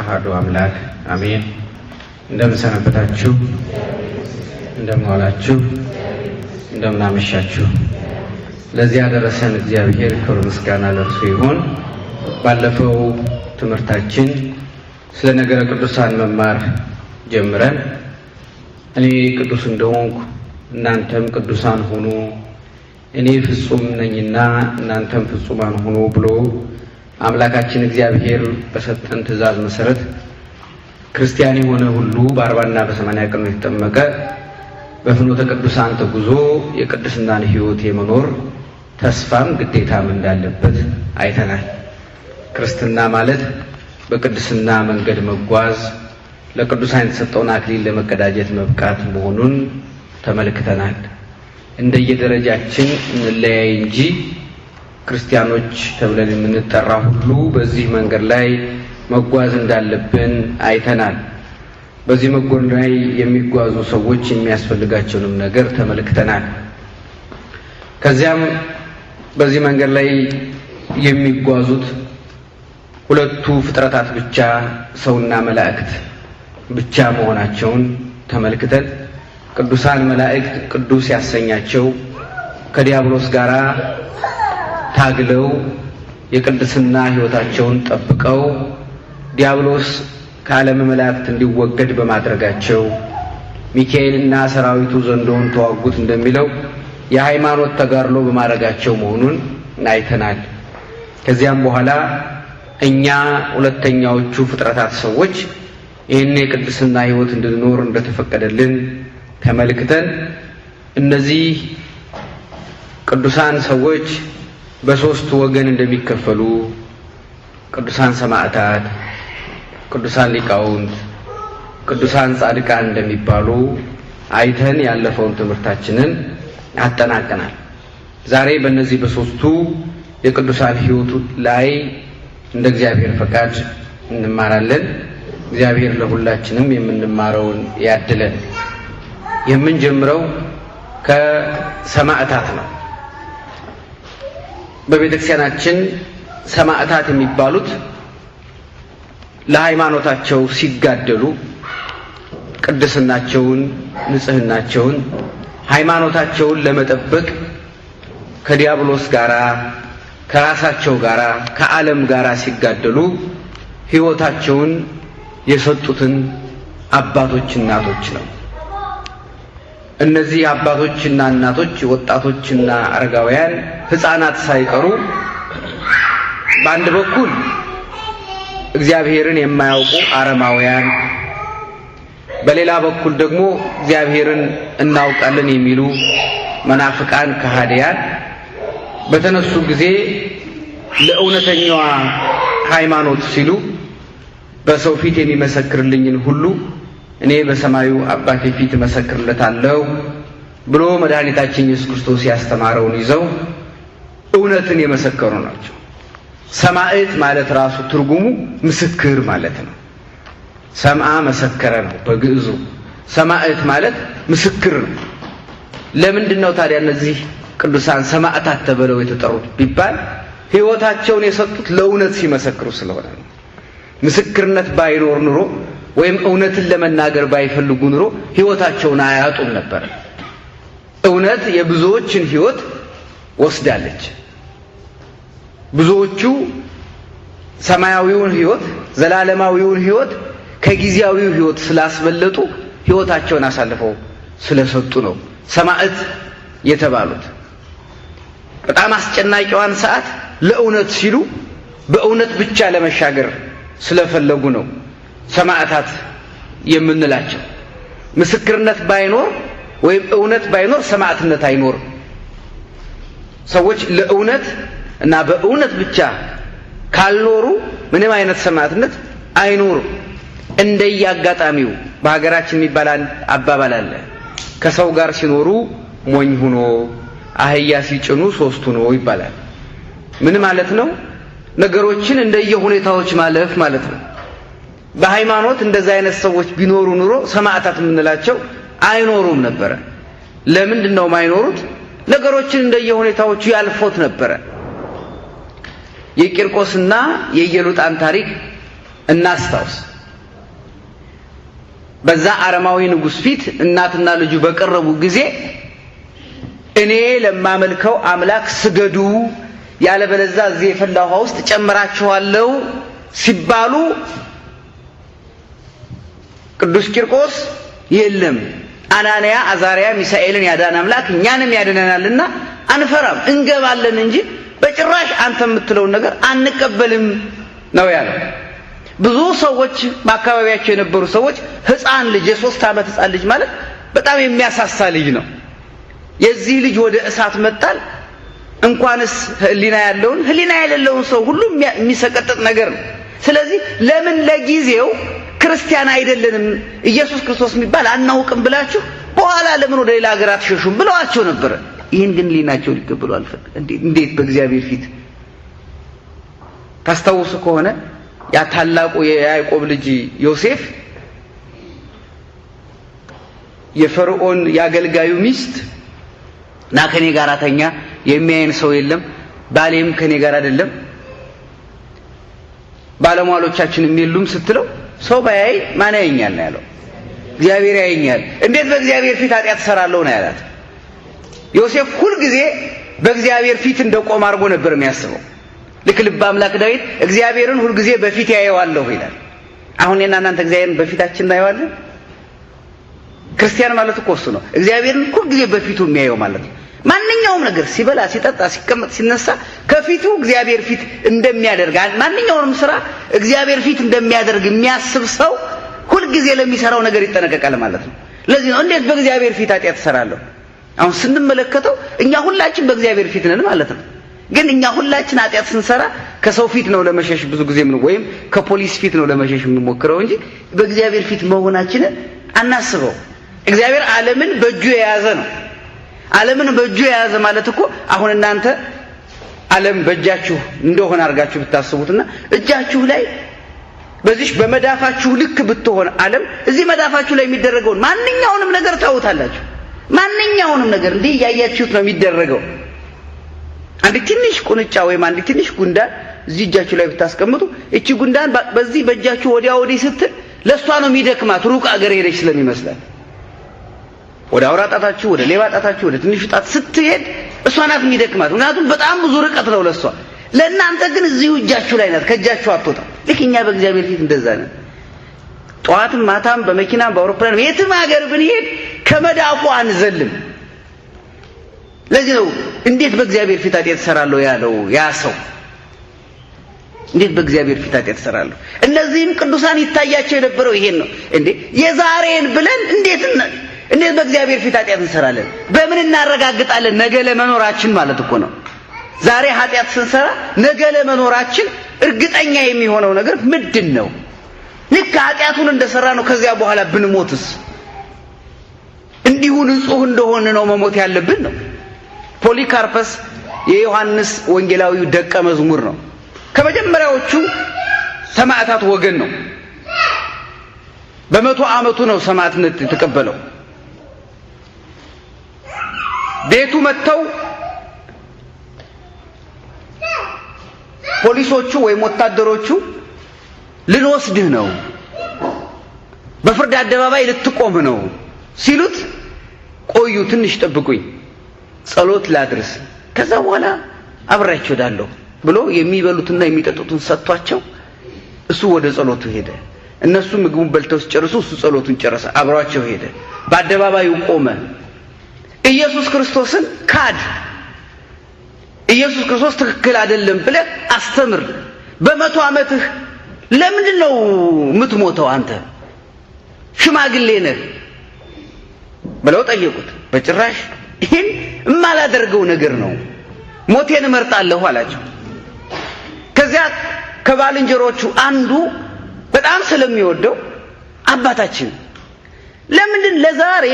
አህዶ አምላክ አሜን። እንደምንሰነበታችሁ፣ እንደምንዋላችሁ፣ እንደምናመሻችሁ ለዚህ ያደረሰን እግዚአብሔር ክብር ምስጋና ለእርሱ ይሁን። ባለፈው ትምህርታችን ስለ ነገረ ቅዱሳን መማር ጀምረን እኔ ቅዱስ እንደሆንኩ እናንተም ቅዱሳን ሁኑ፣ እኔ ፍጹም ነኝና እናንተም ፍጹማን ሁኑ ብሎ አምላካችን እግዚአብሔር በሰጠን ትእዛዝ መሰረት ክርስቲያን የሆነ ሁሉ በአርባና በሰማንያ ቀኑ የተጠመቀ በፍኖተ ቅዱሳን ተጉዞ የቅድስናን ህይወት የመኖር ተስፋም ግዴታም እንዳለበት አይተናል። ክርስትና ማለት በቅድስና መንገድ መጓዝ ለቅዱሳን የተሰጠውን አክሊል ለመቀዳጀት መብቃት መሆኑን ተመልክተናል። እንደየደረጃችን እንለያይ እንጂ ክርስቲያኖች ተብለን የምንጠራ ሁሉ በዚህ መንገድ ላይ መጓዝ እንዳለብን አይተናል። በዚህ መጎን ላይ የሚጓዙ ሰዎች የሚያስፈልጋቸውንም ነገር ተመልክተናል። ከዚያም በዚህ መንገድ ላይ የሚጓዙት ሁለቱ ፍጥረታት ብቻ ሰውና መላእክት ብቻ መሆናቸውን ተመልክተን ቅዱሳን መላእክት ቅዱስ ያሰኛቸው ከዲያብሎስ ጋራ ታግለው የቅድስና ሕይወታቸውን ጠብቀው ዲያብሎስ ከዓለም መላእክት እንዲወገድ በማድረጋቸው ሚካኤልና ሰራዊቱ ዘንዶውን ተዋጉት እንደሚለው የሃይማኖት ተጋድሎ በማድረጋቸው መሆኑን አይተናል። ከዚያም በኋላ እኛ ሁለተኛዎቹ ፍጥረታት ሰዎች ይህን የቅድስና ሕይወት እንድንኖር እንደተፈቀደልን ተመልክተን እነዚህ ቅዱሳን ሰዎች በሶስቱ ወገን እንደሚከፈሉ ቅዱሳን ሰማዕታት፣ ቅዱሳን ሊቃውንት፣ ቅዱሳን ጻድቃን እንደሚባሉ አይተን ያለፈውን ትምህርታችንን አጠናቀናል። ዛሬ በእነዚህ በሶስቱ የቅዱሳን ሕይወቱ ላይ እንደ እግዚአብሔር ፈቃድ እንማራለን። እግዚአብሔር ለሁላችንም የምንማረውን ያድለን። የምንጀምረው ከሰማዕታት ነው። በቤተክርስቲያናችን ሰማዕታት የሚባሉት ለሃይማኖታቸው ሲጋደሉ ቅድስናቸውን፣ ንጽህናቸውን፣ ሃይማኖታቸውን ለመጠበቅ ከዲያብሎስ ጋራ ከራሳቸው ጋራ ከዓለም ጋራ ሲጋደሉ ሕይወታቸውን የሰጡትን አባቶች እናቶች ነው። እነዚህ አባቶችና እናቶች ወጣቶችና አረጋውያን ህፃናት ሳይቀሩ በአንድ በኩል እግዚአብሔርን የማያውቁ አረማውያን፣ በሌላ በኩል ደግሞ እግዚአብሔርን እናውቃለን የሚሉ መናፍቃን ከሃዲያን በተነሱ ጊዜ ለእውነተኛዋ ሃይማኖት ሲሉ በሰው ፊት የሚመሰክርልኝን ሁሉ እኔ በሰማዩ አባቴ ፊት እመሰክርለታለሁ ብሎ መድኃኒታችን ኢየሱስ ክርስቶስ ያስተማረውን ይዘው እውነትን የመሰከሩ ናቸው። ሰማዕት ማለት ራሱ ትርጉሙ ምስክር ማለት ነው። ሰምአ መሰከረ ነው በግዕዙ። ሰማዕት ማለት ምስክር ነው። ለምንድን ነው ታዲያ እነዚህ ቅዱሳን ሰማዕታት ተብለው የተጠሩት ቢባል ሕይወታቸውን የሰጡት ለእውነት ሲመሰክሩ ስለሆነ ነው። ምስክርነት ባይኖር ኑሮ ወይም እውነትን ለመናገር ባይፈልጉ ኑሮ ህይወታቸውን አያጡም ነበር። እውነት የብዙዎችን ህይወት ወስዳለች። ብዙዎቹ ሰማያዊውን ህይወት ዘላለማዊውን ህይወት ከጊዜያዊው ህይወት ስላስበለጡ ህይወታቸውን አሳልፈው ስለሰጡ ነው ሰማዕት የተባሉት። በጣም አስጨናቂዋን ሰዓት ለእውነት ሲሉ በእውነት ብቻ ለመሻገር ስለፈለጉ ነው። ሰማዕታት የምንላቸው ምስክርነት ባይኖር ወይም እውነት ባይኖር ሰማዕትነት አይኖርም። ሰዎች ለእውነት እና በእውነት ብቻ ካልኖሩ ምንም አይነት ሰማዕትነት አይኖርም። አጋጣሚው በሀገራችን የሚባል አባባል አለ። ከሰው ጋር ሲኖሩ ሞኝ ሁኖ አህያ ሲጭኑ ሶስቱ ነው ይባላል። ምን ማለት ነው? ነገሮችን እንደየ ሁኔታዎች ማለፍ ማለት ነው። በሃይማኖት እንደዚ አይነት ሰዎች ቢኖሩ ኑሮ ሰማዕታት የምንላቸው አይኖሩም ነበረ። ለምንድን ነው የማይኖሩት? ነገሮችን እንደየሁኔታዎቹ ያልፎት ነበረ። የቂርቆስና የኢየሉጣን ታሪክ እናስታውስ። በዛ አረማዊ ንጉሥ ፊት እናትና ልጁ በቀረቡ ጊዜ እኔ ለማመልከው አምላክ ስገዱ፣ ያለበለዛ እዚህ የፈላ ውሃ ውስጥ ጨምራችኋለሁ ሲባሉ ቅዱስ ቂርቆስ የለም አናንያ አዛሪያ ሚሳኤልን ያዳን አምላክ እኛንም ያድነናልና አንፈራም፣ እንገባለን እንጂ በጭራሽ አንተ የምትለውን ነገር አንቀበልም ነው ያለው። ብዙ ሰዎች በአካባቢያቸው የነበሩ ሰዎች ህፃን ልጅ የሶስት ዓመት ህፃን ልጅ ማለት በጣም የሚያሳሳ ልጅ ነው። የዚህ ልጅ ወደ እሳት መጣል እንኳንስ ህሊና ያለውን ህሊና የሌለውን ሰው ሁሉ የሚሰቀጥጥ ነገር ነው። ስለዚህ ለምን ለጊዜው ክርስቲያን አይደለንም ኢየሱስ ክርስቶስ የሚባል አናውቅም ብላችሁ በኋላ ለምን ወደ ሌላ ሀገር አትሸሹም ብለዋቸው ነበረ። ይህን ግን ሊናቸው ሊቀበሉ አልፈለጉም። እንዴት በእግዚአብሔር ፊት ታስታውሱ ከሆነ ያ ታላቁ የያዕቆብ ልጅ ዮሴፍ የፈርዖን የአገልጋዩ ሚስት ና ከኔ ጋር ተኛ፣ የሚያይን ሰው የለም፣ ባሌም ከኔ ጋር አይደለም፣ ባለሟሎቻችንም የሉም ስትለው ሰው ባያይ ማን ያየኛል ነው ያለው። እግዚአብሔር ያየኛል። እንዴት በእግዚአብሔር ፊት ኃጢአት እሰራለሁ ነው ያላት። ዮሴፍ ሁልጊዜ በእግዚአብሔር ፊት እንደቆመ አድርጎ ነበር የሚያስበው። ልክ ልበ አምላክ ዳዊት እግዚአብሔርን ሁልጊዜ በፊት ያየዋለሁ ይላል። አሁን የና እናንተ እግዚአብሔርን በፊታችን እናየዋለን። ክርስቲያን ማለት እኮ እሱ ነው። እግዚአብሔርን ሁልጊዜ በፊቱ የሚያየው ማለት ነው። ማንኛውም ነገር ሲበላ፣ ሲጠጣ፣ ሲቀመጥ፣ ሲነሳ ከፊቱ እግዚአብሔር ፊት እንደሚያደርግ ማንኛውንም ስራ እግዚአብሔር ፊት እንደሚያደርግ የሚያስብ ሰው ሁልጊዜ ለሚሰራው ነገር ይጠነቀቃል ማለት ነው። ለዚህ ነው እንዴት በእግዚአብሔር ፊት ኃጢአት እሰራለሁ። አሁን ስንመለከተው እኛ ሁላችን በእግዚአብሔር ፊት ነን ማለት ነው። ግን እኛ ሁላችን ኃጢአት ስንሰራ ከሰው ፊት ነው ለመሸሽ ብዙ ጊዜ ምን ወይም ከፖሊስ ፊት ነው ለመሸሽ የምንሞክረው እንጂ በእግዚአብሔር ፊት መሆናችንን አናስበው። እግዚአብሔር ዓለምን በእጁ የያዘ ነው። ዓለምን በእጁ የያዘ ማለት እኮ አሁን እናንተ ዓለም በእጃችሁ እንደሆነ አድርጋችሁ ብታስቡትና እጃችሁ ላይ በዚህ በመዳፋችሁ ልክ ብትሆን ዓለም እዚህ መዳፋችሁ ላይ የሚደረገውን ማንኛውንም ነገር ታውታላችሁ። ማንኛውንም ነገር እንዲህ እያያችሁት ነው የሚደረገው። አንድ ትንሽ ቁንጫ ወይም አንድ ትንሽ ጉንዳን እዚህ እጃችሁ ላይ ብታስቀምጡ እቺ ጉንዳን በዚህ በእጃችሁ ወዲያ ወዲህ ስትል ለእሷ ነው የሚደክማት ሩቅ አገር ሄደች ስለሚመስላት ወደ አውራ ጣታችሁ፣ ወደ ሌባ ጣታችሁ፣ ወደ ትንሹ ጣት ስትሄድ እሷ ናት የሚደክማት። ምክንያቱም በጣም ብዙ ርቀት ነው ለእሷ። ለእናንተ ግን እዚሁ እጃችሁ ላይ ናት፣ ከእጃችሁ አትወጣ። ልክ እኛ በእግዚአብሔር ፊት እንደዛ ነን። ጠዋትም ማታም በመኪናም በአውሮፕላን የትም ሀገር ብንሄድ ከመዳፉ አንዘልም። ለዚህ ነው እንዴት በእግዚአብሔር ፊት ኃጢአት እሰራለሁ ያለው ያ ሰው። እንዴት በእግዚአብሔር ፊት ኃጢአት እሰራለሁ። እነዚህም ቅዱሳን ይታያቸው የነበረው ይሄን ነው እንዴ የዛሬን ብለን እንዴት እንዴት በእግዚአብሔር ፊት ኃጢአት እንሰራለን? በምን እናረጋግጣለን? ነገ ለመኖራችን ማለት እኮ ነው። ዛሬ ኃጢአት ስንሰራ ነገ ለመኖራችን እርግጠኛ የሚሆነው ነገር ምንድን ነው? ልክ ኃጢአቱን እንደሰራ ነው። ከዚያ በኋላ ብንሞትስ እንዲሁ ንጹህ እንደሆነ ነው መሞት ያለብን ነው። ፖሊካርፐስ የዮሐንስ ወንጌላዊው ደቀ መዝሙር ነው። ከመጀመሪያዎቹ ሰማዕታት ወገን ነው። በመቶ ዓመቱ ነው ሰማዕትነት የተቀበለው። ቤቱ መጥተው ፖሊሶቹ ወይም ወታደሮቹ ልንወስድህ ነው፣ በፍርድ አደባባይ ልትቆም ነው ሲሉት ቆዩ፣ ትንሽ ጠብቁኝ፣ ጸሎት ላድርስ፣ ከዛ በኋላ አብሬያቸው እሄዳለሁ ብሎ የሚበሉትና የሚጠጡትን ሰጥቷቸው እሱ ወደ ጸሎቱ ሄደ። እነሱ ምግቡን በልተው ሲጨርሱ እሱ ጸሎቱን ጨረሰ፣ አብሯቸው ሄደ። በአደባባዩ ቆመ። ኢየሱስ ክርስቶስን ካድ። ኢየሱስ ክርስቶስ ትክክል አይደለም ብለህ አስተምር። በመቶ ዓመትህ ለምንድን ነው የምትሞተው? አንተ ሽማግሌ ነህ ብለው ጠየቁት። በጭራሽ ይህን የማላደርገው ነገር ነው፣ ሞቴን እመርጣለሁ አላቸው። ከዚያ ከባልንጀሮቹ አንዱ በጣም ስለሚወደው አባታችን ለምንድን ለዛሬ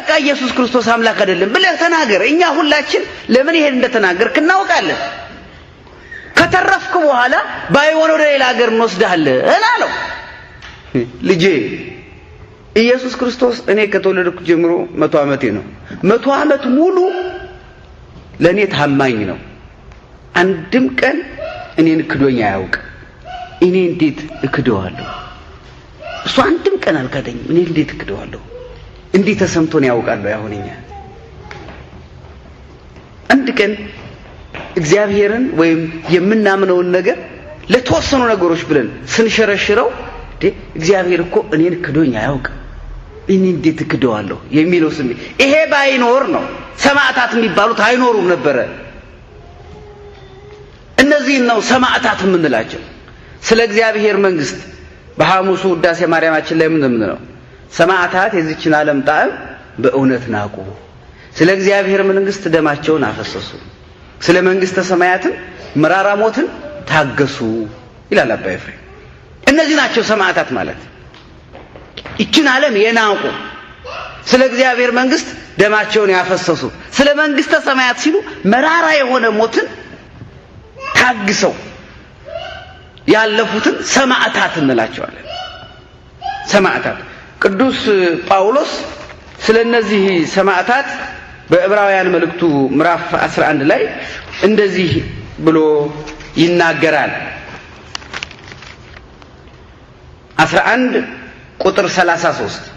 በቃ ኢየሱስ ክርስቶስ አምላክ አይደለም ብለህ ተናገር። እኛ ሁላችን ለምን ይሄን እንደተናገርክ እናውቃለን። ከተረፍክ በኋላ ባይሆን ወደ ሌላ ሀገር እንወስድሃለን አለው። ልጄ ኢየሱስ ክርስቶስ እኔ ከተወለድኩ ጀምሮ መቶ ዓመቴ ነው። መቶ ዓመት ሙሉ ለእኔ ታማኝ ነው። አንድም ቀን እኔን እክዶኛ አያውቅ እኔ እንዴት እክደዋለሁ? እሱ አንድም ቀን አልካደኝም። እኔ እንዴት እክደዋለሁ? እንዲህ ተሰምቶን ያውቃሉ። ያሁንኛ አንድ ቀን እግዚአብሔርን ወይም የምናምነውን ነገር ለተወሰኑ ነገሮች ብለን ስንሸረሽረው እግዚአብሔር እኮ እኔን ክዶኝ አያውቅም፣ እኔ እንዴት እክደዋለሁ የሚለው ስሜት ይሄ ባይኖር ነው ሰማዕታት የሚባሉት አይኖሩም ነበረ። እነዚህን ነው ሰማዕታት የምንላቸው። ስለ እግዚአብሔር መንግስት በሐሙሱ ውዳሴ ማርያማችን ላይ ምን ነው ሰማዕታት የዚችን ዓለም ጣዕም በእውነት ናቁ። ስለ እግዚአብሔር መንግስት ደማቸውን አፈሰሱ። ስለ መንግስተ ሰማያትም መራራ ሞትን ታገሱ ይላል አባ ኤፍሬም። እነዚህ ናቸው ሰማዕታት ማለት ይችን ዓለም የናቁ ስለ እግዚአብሔር መንግስት ደማቸውን ያፈሰሱ ስለ መንግስተ ሰማያት ሲሉ መራራ የሆነ ሞትን ታግሰው ያለፉትን ሰማዕታት እንላቸዋለን። ሰማዕታት ቅዱስ ጳውሎስ ስለ እነዚህ ሰማዕታት በዕብራውያን መልእክቱ ምዕራፍ 11 ላይ እንደዚህ ብሎ ይናገራል። 11 ቁጥር 33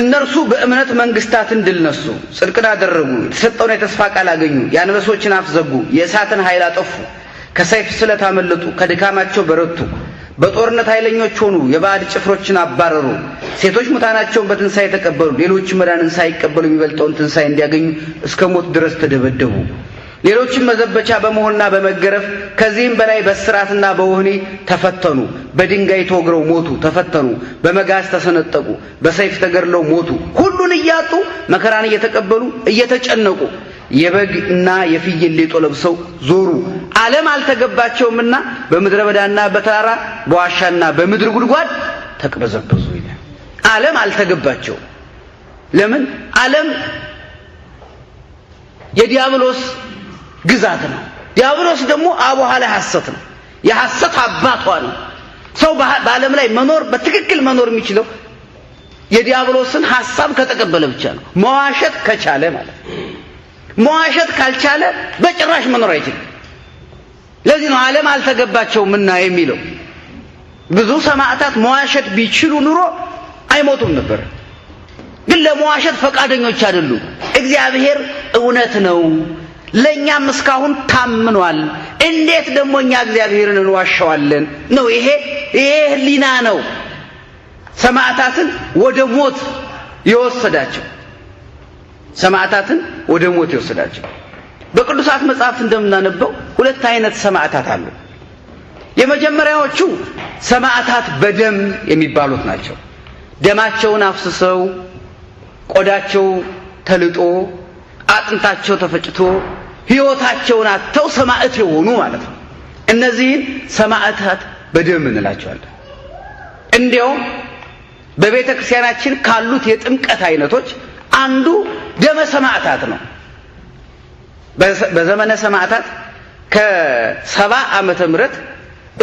እነርሱ በእምነት መንግስታትን ድል ነሱ፣ ጽድቅን አደረጉ፣ የተሰጠውን የተስፋ ቃል አገኙ፣ የአንበሶችን አፍ ዘጉ፣ የእሳትን ኃይል አጠፉ፣ ከሰይፍ ስለት አመለጡ፣ ከድካማቸው በረቱ በጦርነት ኃይለኞች ሆኑ፣ የባዕድ ጭፍሮችን አባረሩ። ሴቶች ሙታናቸውን በትንሣኤ ተቀበሉ፣ ሌሎች መዳንን ሳይቀበሉ የሚበልጠውን ትንሣኤ እንዲያገኙ እስከ ሞት ድረስ ተደበደቡ። ሌሎችም መዘበቻ በመሆንና በመገረፍ ከዚህም በላይ በስራትና በወህኒ ተፈተኑ። በድንጋይ ተወግረው ሞቱ፣ ተፈተኑ። በመጋዝ ተሰነጠቁ፣ በሰይፍ ተገድለው ሞቱ። ሁሉን እያጡ መከራን እየተቀበሉ እየተጨነቁ የበግ እና የፍየል ሌጦ ለብሰው ዞሩ። ዓለም አልተገባቸውምና በምድረ በዳና በተራራ በዋሻና በምድር ጉድጓድ ተቅበዘበዙ ይላል። ዓለም አልተገባቸውም። ለምን? ዓለም የዲያብሎስ ግዛት ነው። ዲያብሎስ ደግሞ አቡሃ ላይ ሐሰት ነው። የሐሰት አባቷ ነው። ሰው በዓለም ላይ መኖር በትክክል መኖር የሚችለው የዲያብሎስን ሐሳብ ከተቀበለ ብቻ ነው። መዋሸት ከቻለ ማለት ነው። መዋሸት ካልቻለ በጭራሽ መኖር አይችልም። ለዚህ ነው ዓለም አልተገባቸውምና የሚለው። ብዙ ሰማዕታት መዋሸት ቢችሉ ኑሮ አይሞቱም ነበር። ግን ለመዋሸት ፈቃደኞች አይደሉም። እግዚአብሔር እውነት ነው፣ ለእኛም እስካሁን ታምኗል። እንዴት ደግሞ እኛ እግዚአብሔርን እንዋሸዋለን? ነው ይሄ ይሄ ህሊና ነው ሰማዕታትን ወደ ሞት የወሰዳቸው። ሰማዕታትን ወደ ሞት ይወስዳቸው። በቅዱሳት መጽሐፍት እንደምናነበው ሁለት አይነት ሰማዕታት አሉ። የመጀመሪያዎቹ ሰማዕታት በደም የሚባሉት ናቸው። ደማቸውን አፍስሰው ቆዳቸው ተልጦ አጥንታቸው ተፈጭቶ ሕይወታቸውን አጥተው ሰማዕት የሆኑ ማለት ነው። እነዚህን ሰማዕታት በደም እንላቸዋለን። እንዲያውም በቤተ ክርስቲያናችን ካሉት የጥምቀት አይነቶች አንዱ ደመ ሰማዕታት ነው። በዘመነ ሰማዕታት ከሰባ ዓመተ ምህረት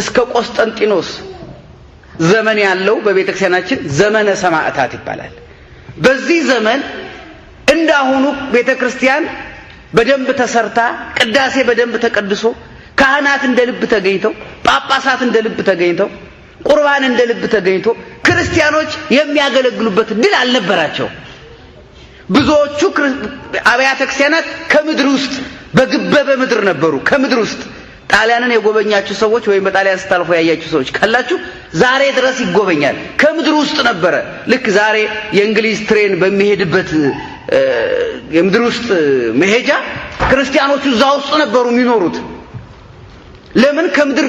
እስከ ቆስጠንጢኖስ ዘመን ያለው በቤተ ክርስቲያናችን ዘመነ ሰማዕታት ይባላል። በዚህ ዘመን እንዳሁኑ ቤተ ክርስቲያን በደንብ ተሰርታ ቅዳሴ በደንብ ተቀድሶ ካህናት እንደ ልብ ተገኝተው ጳጳሳት እንደ ልብ ተገኝተው ቁርባን እንደ ልብ ተገኝቶ ክርስቲያኖች የሚያገለግሉበት ድል አልነበራቸው። ብዙዎቹ አብያተ ክርስቲያናት ከምድር ውስጥ በግበበ ምድር ነበሩ። ከምድር ውስጥ ጣሊያንን የጎበኛችሁ ሰዎች ወይም በጣሊያን ስታልፎ ያያችሁ ሰዎች ካላችሁ ዛሬ ድረስ ይጎበኛል። ከምድር ውስጥ ነበረ። ልክ ዛሬ የእንግሊዝ ትሬን በሚሄድበት የምድር ውስጥ መሄጃ ክርስቲያኖቹ እዛ ውስጥ ነበሩ የሚኖሩት። ለምን ከምድር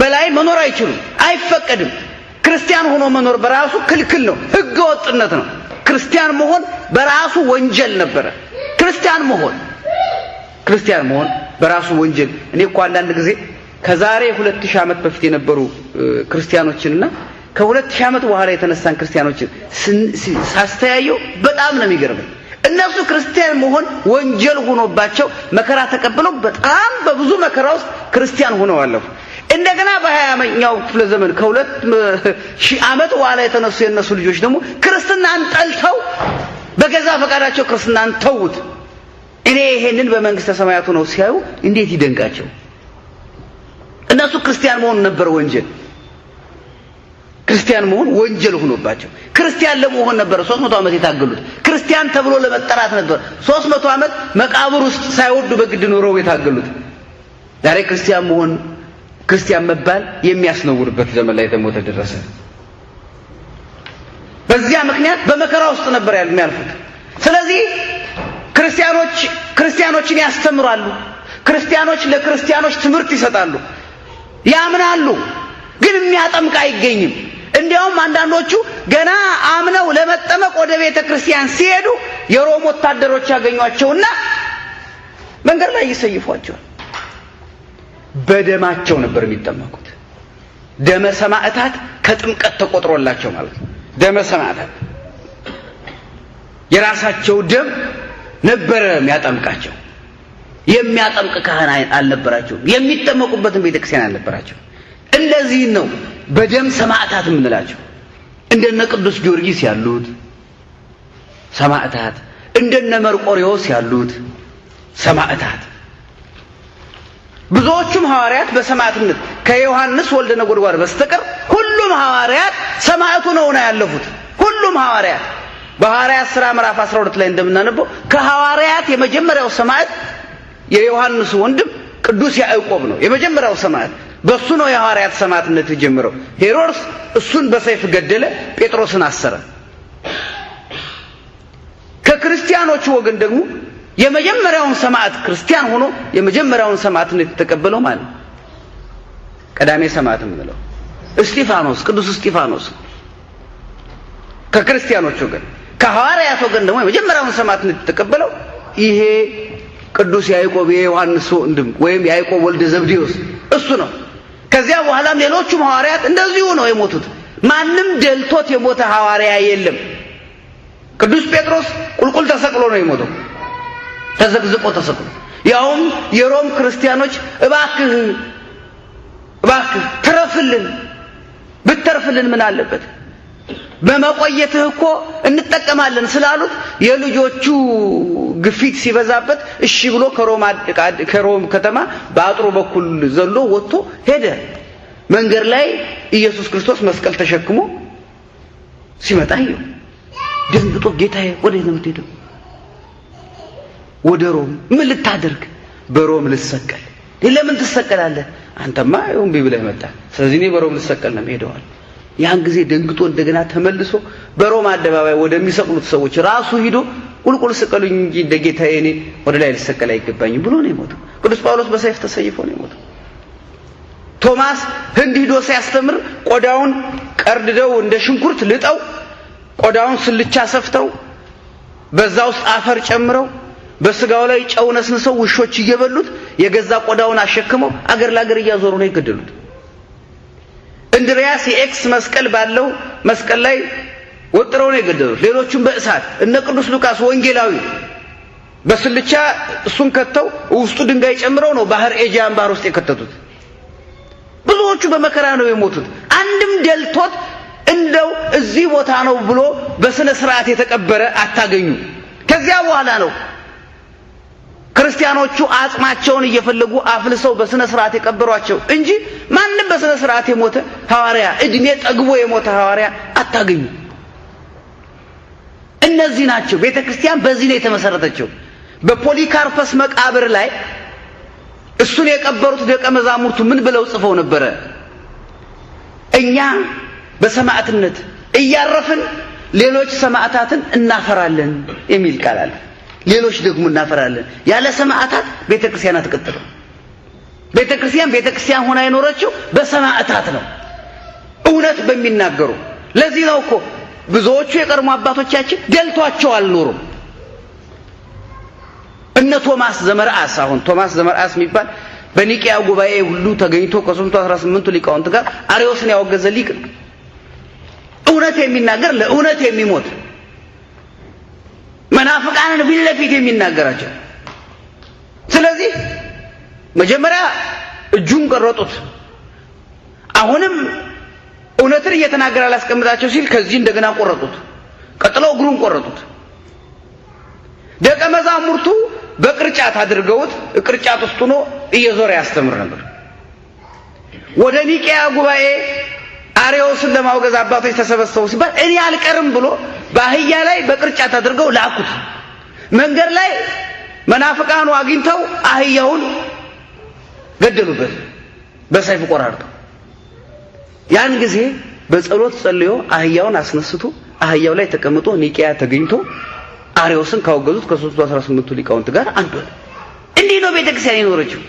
በላይ መኖር አይችሉም? አይፈቀድም። ክርስቲያን ሆኖ መኖር በራሱ ክልክል ነው፣ ህገወጥነት ወጥነት ነው። ክርስቲያን መሆን በራሱ ወንጀል ነበረ። ክርስቲያን መሆን ክርስቲያን መሆን በራሱ ወንጀል። እኔ እኮ አንዳንድ ጊዜ ከዛሬ ሁለት ሺህ ዓመት በፊት የነበሩ ክርስቲያኖችንና ከሁለት ሺህ ዓመት በኋላ የተነሳን ክርስቲያኖችን ሳስተያየው በጣም ነው የሚገርመኝ። እነሱ ክርስቲያን መሆን ወንጀል ሆኖባቸው መከራ ተቀብለው በጣም በብዙ መከራ ውስጥ ክርስቲያን ሆነው አለፉ። እንደገና በሀያኛው ክፍለ ዘመን ከሁለት ሺህ ዓመት በኋላ የተነሱ የነሱ ልጆች ደግሞ ክርስትናን ጠልተው በገዛ ፈቃዳቸው ክርስትናን ተዉት። እኔ ይሄንን በመንግስተ ሰማያቱ ነው ሲያዩ እንዴት ይደንቃቸው። እነሱ ክርስቲያን መሆኑ ነበር ወንጀል። ክርስቲያን መሆን ወንጀል ሆኖባቸው ክርስቲያን ለመሆን ነበር 300 ዓመት የታገሉት። ክርስቲያን ተብሎ ለመጠራት ነበር 300 መቶ ዓመት መቃብር ውስጥ ሳይወዱ በግድ ኖረው የታገሉት። ዛሬ ክርስቲያን መሆን ክርስቲያን መባል የሚያስነውርበት ዘመን ላይ ተሞተ ደረሰ። በዚያ ምክንያት በመከራ ውስጥ ነበር የሚያልፉት። ስለዚህ ክርስቲያኖች ክርስቲያኖችን ያስተምራሉ። ክርስቲያኖች ለክርስቲያኖች ትምህርት ይሰጣሉ፣ ያምናሉ። ግን የሚያጠምቅ አይገኝም። እንዲያውም አንዳንዶቹ ገና አምነው ለመጠመቅ ወደ ቤተ ክርስቲያን ሲሄዱ የሮም ወታደሮች ያገኟቸውና መንገድ ላይ ይሰይፏቸዋል። በደማቸው ነበር የሚጠመቁት። ደመ ሰማዕታት ከጥምቀት ተቆጥሮላቸው ማለት ነው። ደመ ሰማዕታት የራሳቸው ደም ነበረ የሚያጠምቃቸው። የሚያጠምቅ ካህን አልነበራቸውም። የሚጠመቁበትን ቤተክርስቲያን አልነበራቸው። እንደዚህ ነው በደም ሰማዕታት የምንላቸው። እንደነ ቅዱስ ጊዮርጊስ ያሉት ሰማዕታት፣ እንደነ መርቆሪዎስ ያሉት ሰማዕታት ብዙዎቹም ሐዋርያት በሰማዕትነት ከዮሐንስ ወልደ ነጎድጓድ በስተቀር ሁሉም ሐዋርያት ሰማዕቱ ነው ነው ያለፉት። ሁሉም ሐዋርያት በሐዋርያት ሥራ ምዕራፍ 12 ላይ እንደምናነበው ከሐዋርያት የመጀመሪያው ሰማዕት የዮሐንስ ወንድም ቅዱስ ያዕቆብ ነው። የመጀመሪያው ሰማዕት በእሱ ነው የሐዋርያት ሰማዕትነት የጀመረው። ሄሮድስ እሱን በሰይፍ ገደለ፣ ጴጥሮስን አሰረ። ከክርስቲያኖቹ ወገን ደግሞ የመጀመሪያውን ሰማዕት ክርስቲያን ሆኖ የመጀመሪያውን ሰማዕትነት የተቀበለው ማለት ነው። ቀዳሜ ሰማዕት የምንለው እስጢፋኖስ፣ ቅዱስ እስጢፋኖስ ከክርስቲያኖች ወገን ከሐዋርያት ወገን ደግሞ የመጀመሪያውን ሰማዕትነት የተቀበለው ይሄ ቅዱስ ያዕቆብ የዮሐንስ ወንድም ወይም ያዕቆብ ወልደ ዘብዴዎስ እሱ ነው። ከዚያ በኋላም ሌሎቹም ሐዋርያት እንደዚሁ ነው የሞቱት። ማንም ደልቶት የሞተ ሐዋርያ የለም። ቅዱስ ጴጥሮስ ቁልቁል ተሰቅሎ ነው የሞተው። ተዘግዝቆ ተሰቅሎ ያውም የሮም ክርስቲያኖች እባክህ እባክህ ትረፍልን ብትረፍልን ምን አለበት በመቆየትህ እኮ እንጠቀማለን ስላሉት የልጆቹ ግፊት ሲበዛበት እሺ ብሎ ከሮም ከተማ በአጥሩ በኩል ዘሎ ወጥቶ ሄደ። መንገድ ላይ ኢየሱስ ክርስቶስ መስቀል ተሸክሞ ሲመጣ ደንግጦ ጌታዬ ወደ ነው የምትሄደው ወደ ሮም ምን ልታደርግ? በሮም ልሰቀል። ለምን ትሰቀላለህ? አንተማ ይሁን እምቢ መጣ። ስለዚህ እኔ በሮም ልሰቀል ነው ሄደዋል። ያን ጊዜ ደንግጦ እንደገና ተመልሶ በሮም አደባባይ ወደሚሰቅሉት ሰዎች ራሱ ሂዶ ቁልቁል ስቀሉኝ እንጂ እንደ ጌታዬ እኔ ወደ ላይ ልሰቀል አይገባኝም ብሎ ነው የሞተው። ቅዱስ ጳውሎስ በሰይፍ ተሰይፎ ነው የሞተው። ቶማስ ህንድ ሂዶ ሲያስተምር ቆዳውን ቀርድደው እንደ ሽንኩርት ልጠው ቆዳውን ስልቻ ሰፍተው በዛ ውስጥ አፈር ጨምረው በስጋው ላይ ጨው ነስንሰው ውሾች እየበሉት የገዛ ቆዳውን አሸክመው አገር ለአገር እያዞሩ ነው የገደሉት። እንድሪያስ የኤክስ መስቀል ባለው መስቀል ላይ ወጥረው ነው የገደሉት። ሌሎቹም በእሳት እነ ቅዱስ ሉቃስ ወንጌላዊ በስልቻ እሱን ከተው ውስጡ ድንጋይ ጨምረው ነው ባህር ኤጂያን ባህር ውስጥ የከተቱት። ብዙዎቹ በመከራ ነው የሞቱት። አንድም ደልቶት እንደው እዚህ ቦታ ነው ብሎ በስነ ስርዓት የተቀበረ አታገኙ። ከዚያ በኋላ ነው ክርስቲያኖቹ አጽማቸውን እየፈለጉ አፍልሰው በስነ ስርዓት የቀበሯቸው እንጂ ማንም በስነ ስርዓት የሞተ ሐዋርያ እድሜ ጠግቦ የሞተ ሐዋርያ አታገኙ። እነዚህ ናቸው። ቤተ ክርስቲያን በዚህ ነው የተመሰረተችው። በፖሊካርፐስ መቃብር ላይ እሱን የቀበሩት ደቀ መዛሙርቱ ምን ብለው ጽፈው ነበረ? እኛ በሰማዕትነት እያረፍን ሌሎች ሰማዕታትን እናፈራለን የሚል ቃል አለ። ሌሎች ደግሞ እናፈራለን። ያለ ሰማዕታት ቤተክርስቲያን አትቀጥልም። ቤተክርስቲያን ቤተክርስቲያን ሆና የኖረችው በሰማዕታት ነው፣ እውነት በሚናገሩ። ለዚህ ነው እኮ ብዙዎቹ የቀድሞ አባቶቻችን ደልቷቸው አልኖሩም። እነ ቶማስ ዘመርአስ አሁን ቶማስ ዘመርአስ የሚባል በኒቅያ ጉባኤ ሁሉ ተገኝቶ ከስምንቱ አስራ ስምንቱ ሊቃውንት ጋር አርዮስን ያወገዘ ሊቅ እውነት የሚናገር ለእውነት የሚሞት መናፍቃንን ፊት ለፊት የሚናገራቸው። ስለዚህ መጀመሪያ እጁን ቀረጡት። አሁንም እውነትን እየተናገረ አላስቀምጣቸው ሲል ከዚህ እንደገና ቆረጡት። ቀጥለው እግሩን ቆረጡት። ደቀ መዛሙርቱ በቅርጫት አድርገውት ቅርጫት ውስጥ ሆኖ እየዞረ ያስተምር ነበር። ወደ ኒቄያ ጉባኤ አሪዎስን ለማውገዝ አባቶች ተሰበሰቡ ሲባል እኔ አልቀርም ብሎ በአህያ ላይ በቅርጫት አድርገው ላኩት። መንገድ ላይ መናፍቃኑ አግኝተው አህያውን ገደሉበት በሰይፍ ቆራርጠው። ያን ጊዜ በጸሎት ጸልዮ አህያውን አስነስቶ አህያው ላይ ተቀምጦ ኒቂያ ተገኝቶ አሪዎስን ካወገዙት ከ አስራ ስምንቱ ሊቃውንት ጋር አንዱ ነው። እንዲህ ነው ቤተክርስቲያን የኖረችው።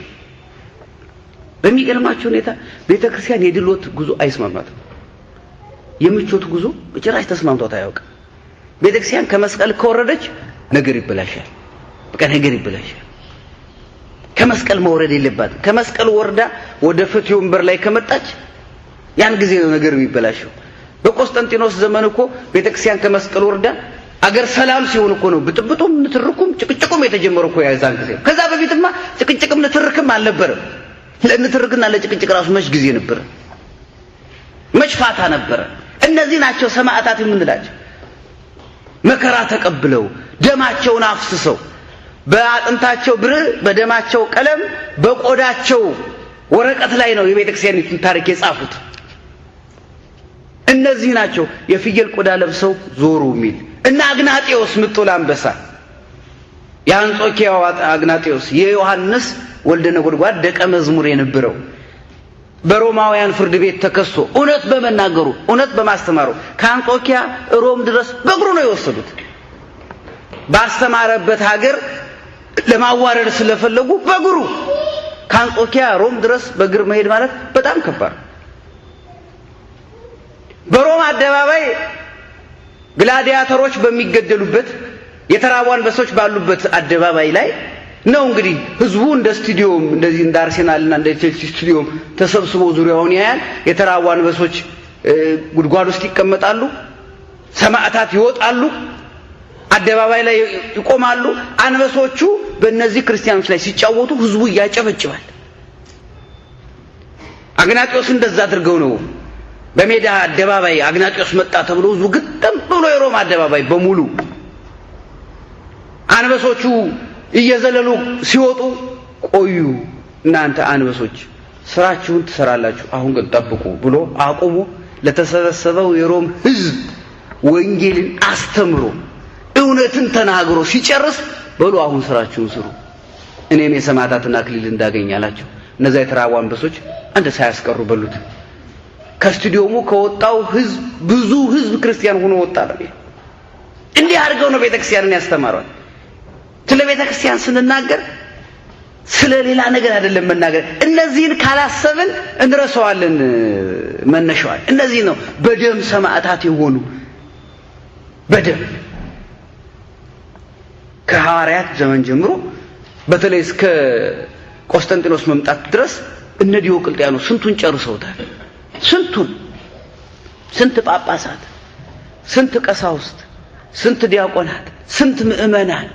በሚገርማችሁ ሁኔታ ቤተክርስቲያን የድሎት ጉዞ አይስማማትም። የምቾት ጉዞ ጭራሽ ተስማምቷት አያውቅም። ቤተክርስቲያን ከመስቀል ከወረደች ነገር ይበላሻል። በቃ ነገር ይበላሻል። ከመስቀል መውረድ የለባትም። ከመስቀል ወርዳ ወደ ፍትህ ወንበር ላይ ከመጣች ያን ጊዜ ነው ነገር የሚበላሸው። በቆስጠንጢኖስ ዘመን እኮ ቤተክርስቲያን ከመስቀል ወርዳ አገር ሰላም ሲሆን እኮ ነው ብጥብጡም ንትርኩም ጭቅጭቁም የተጀመረው እኮ ያዛን ጊዜ። ከዛ በፊትማ ጭቅጭቅም ንትርክም አልነበረም። ለንትርክና ለጭቅጭቅ ራሱ መች ጊዜ ነበረ? መች ፋታ ነበረ? እነዚህ ናቸው ሰማዕታት የምንላቸው። መከራ ተቀብለው ደማቸውን አፍስሰው በአጥንታቸው ብር በደማቸው ቀለም በቆዳቸው ወረቀት ላይ ነው የቤተ ክርስቲያኒቱን ታሪክ የጻፉት። እነዚህ ናቸው የፍየል ቆዳ ለብሰው ዞሩ የሚል እና አግናጤዎስ ምጡል አንበሳ የአንጾኪያው አግናጤዎስ የዮሐንስ ወልደ ነጎድጓድ ደቀ መዝሙር የነበረው በሮማውያን ፍርድ ቤት ተከሶ እውነት በመናገሩ እውነት በማስተማሩ ከአንጾኪያ ሮም ድረስ በእግሩ ነው የወሰዱት። ባስተማረበት ሀገር ለማዋረድ ስለፈለጉ በእግሩ ከአንጾኪያ ሮም ድረስ በእግር መሄድ ማለት በጣም ከባድ። በሮም አደባባይ ግላዲያተሮች በሚገደሉበት የተራቡ አንበሶች ባሉበት አደባባይ ላይ ነው እንግዲህ ህዝቡ እንደ ስቱዲዮም እንደዚህ እንደ አርሴናልና እንደ ቼልሲ ስቱዲዮም ተሰብስቦ ዙሪያውን ያያል። የተራቡ አንበሶች ጉድጓድ ውስጥ ይቀመጣሉ። ሰማዕታት ይወጣሉ፣ አደባባይ ላይ ይቆማሉ። አንበሶቹ በእነዚህ ክርስቲያኖች ላይ ሲጫወቱ ህዝቡ እያጨበጭባል። አግናጢዎስ እንደዛ አድርገው ነው በሜዳ አደባባይ አግናጢዮስ መጣ ተብሎ ህዝቡ ግጥም ብሎ የሮማ አደባባይ በሙሉ አንበሶቹ እየዘለሉ ሲወጡ ቆዩ። እናንተ አንበሶች ስራችሁን ትሰራላችሁ፣ አሁን ግን ጠብቁ ብሎ አቁሞ ለተሰበሰበው የሮም ህዝብ ወንጌልን አስተምሮ እውነትን ተናግሮ ሲጨርስ በሉ አሁን ስራችሁን ስሩ፣ እኔም የሰማዕታትን አክሊል እንዳገኛላቸው እነዛ የተራቡ አንበሶች አንድ ሳያስቀሩ በሉት። ከስቱዲዮሙ ከወጣው ህዝብ ብዙ ህዝብ ክርስቲያን ሆኖ ወጣ። እንዲህ አድርገው ነው ቤተክርስቲያንን ያስተማሯል። ስለ ቤተ ክርስቲያን ስንናገር ስለ ሌላ ነገር አይደለም መናገር። እነዚህን ካላሰብን እንረሰዋለን። መነሻዋል እነዚህ ነው። በደም ሰማዕታት የሆኑ በደም ከሐዋርያት ዘመን ጀምሮ በተለይ እስከ ቆስጠንጢኖስ መምጣት ድረስ እነ ዲዮቅልጥያኖስ ስንቱን ጨርሰውታል። ስንቱን ስንት ጳጳሳት፣ ስንት ቀሳውስት፣ ስንት ዲያቆናት፣ ስንት ምእመናን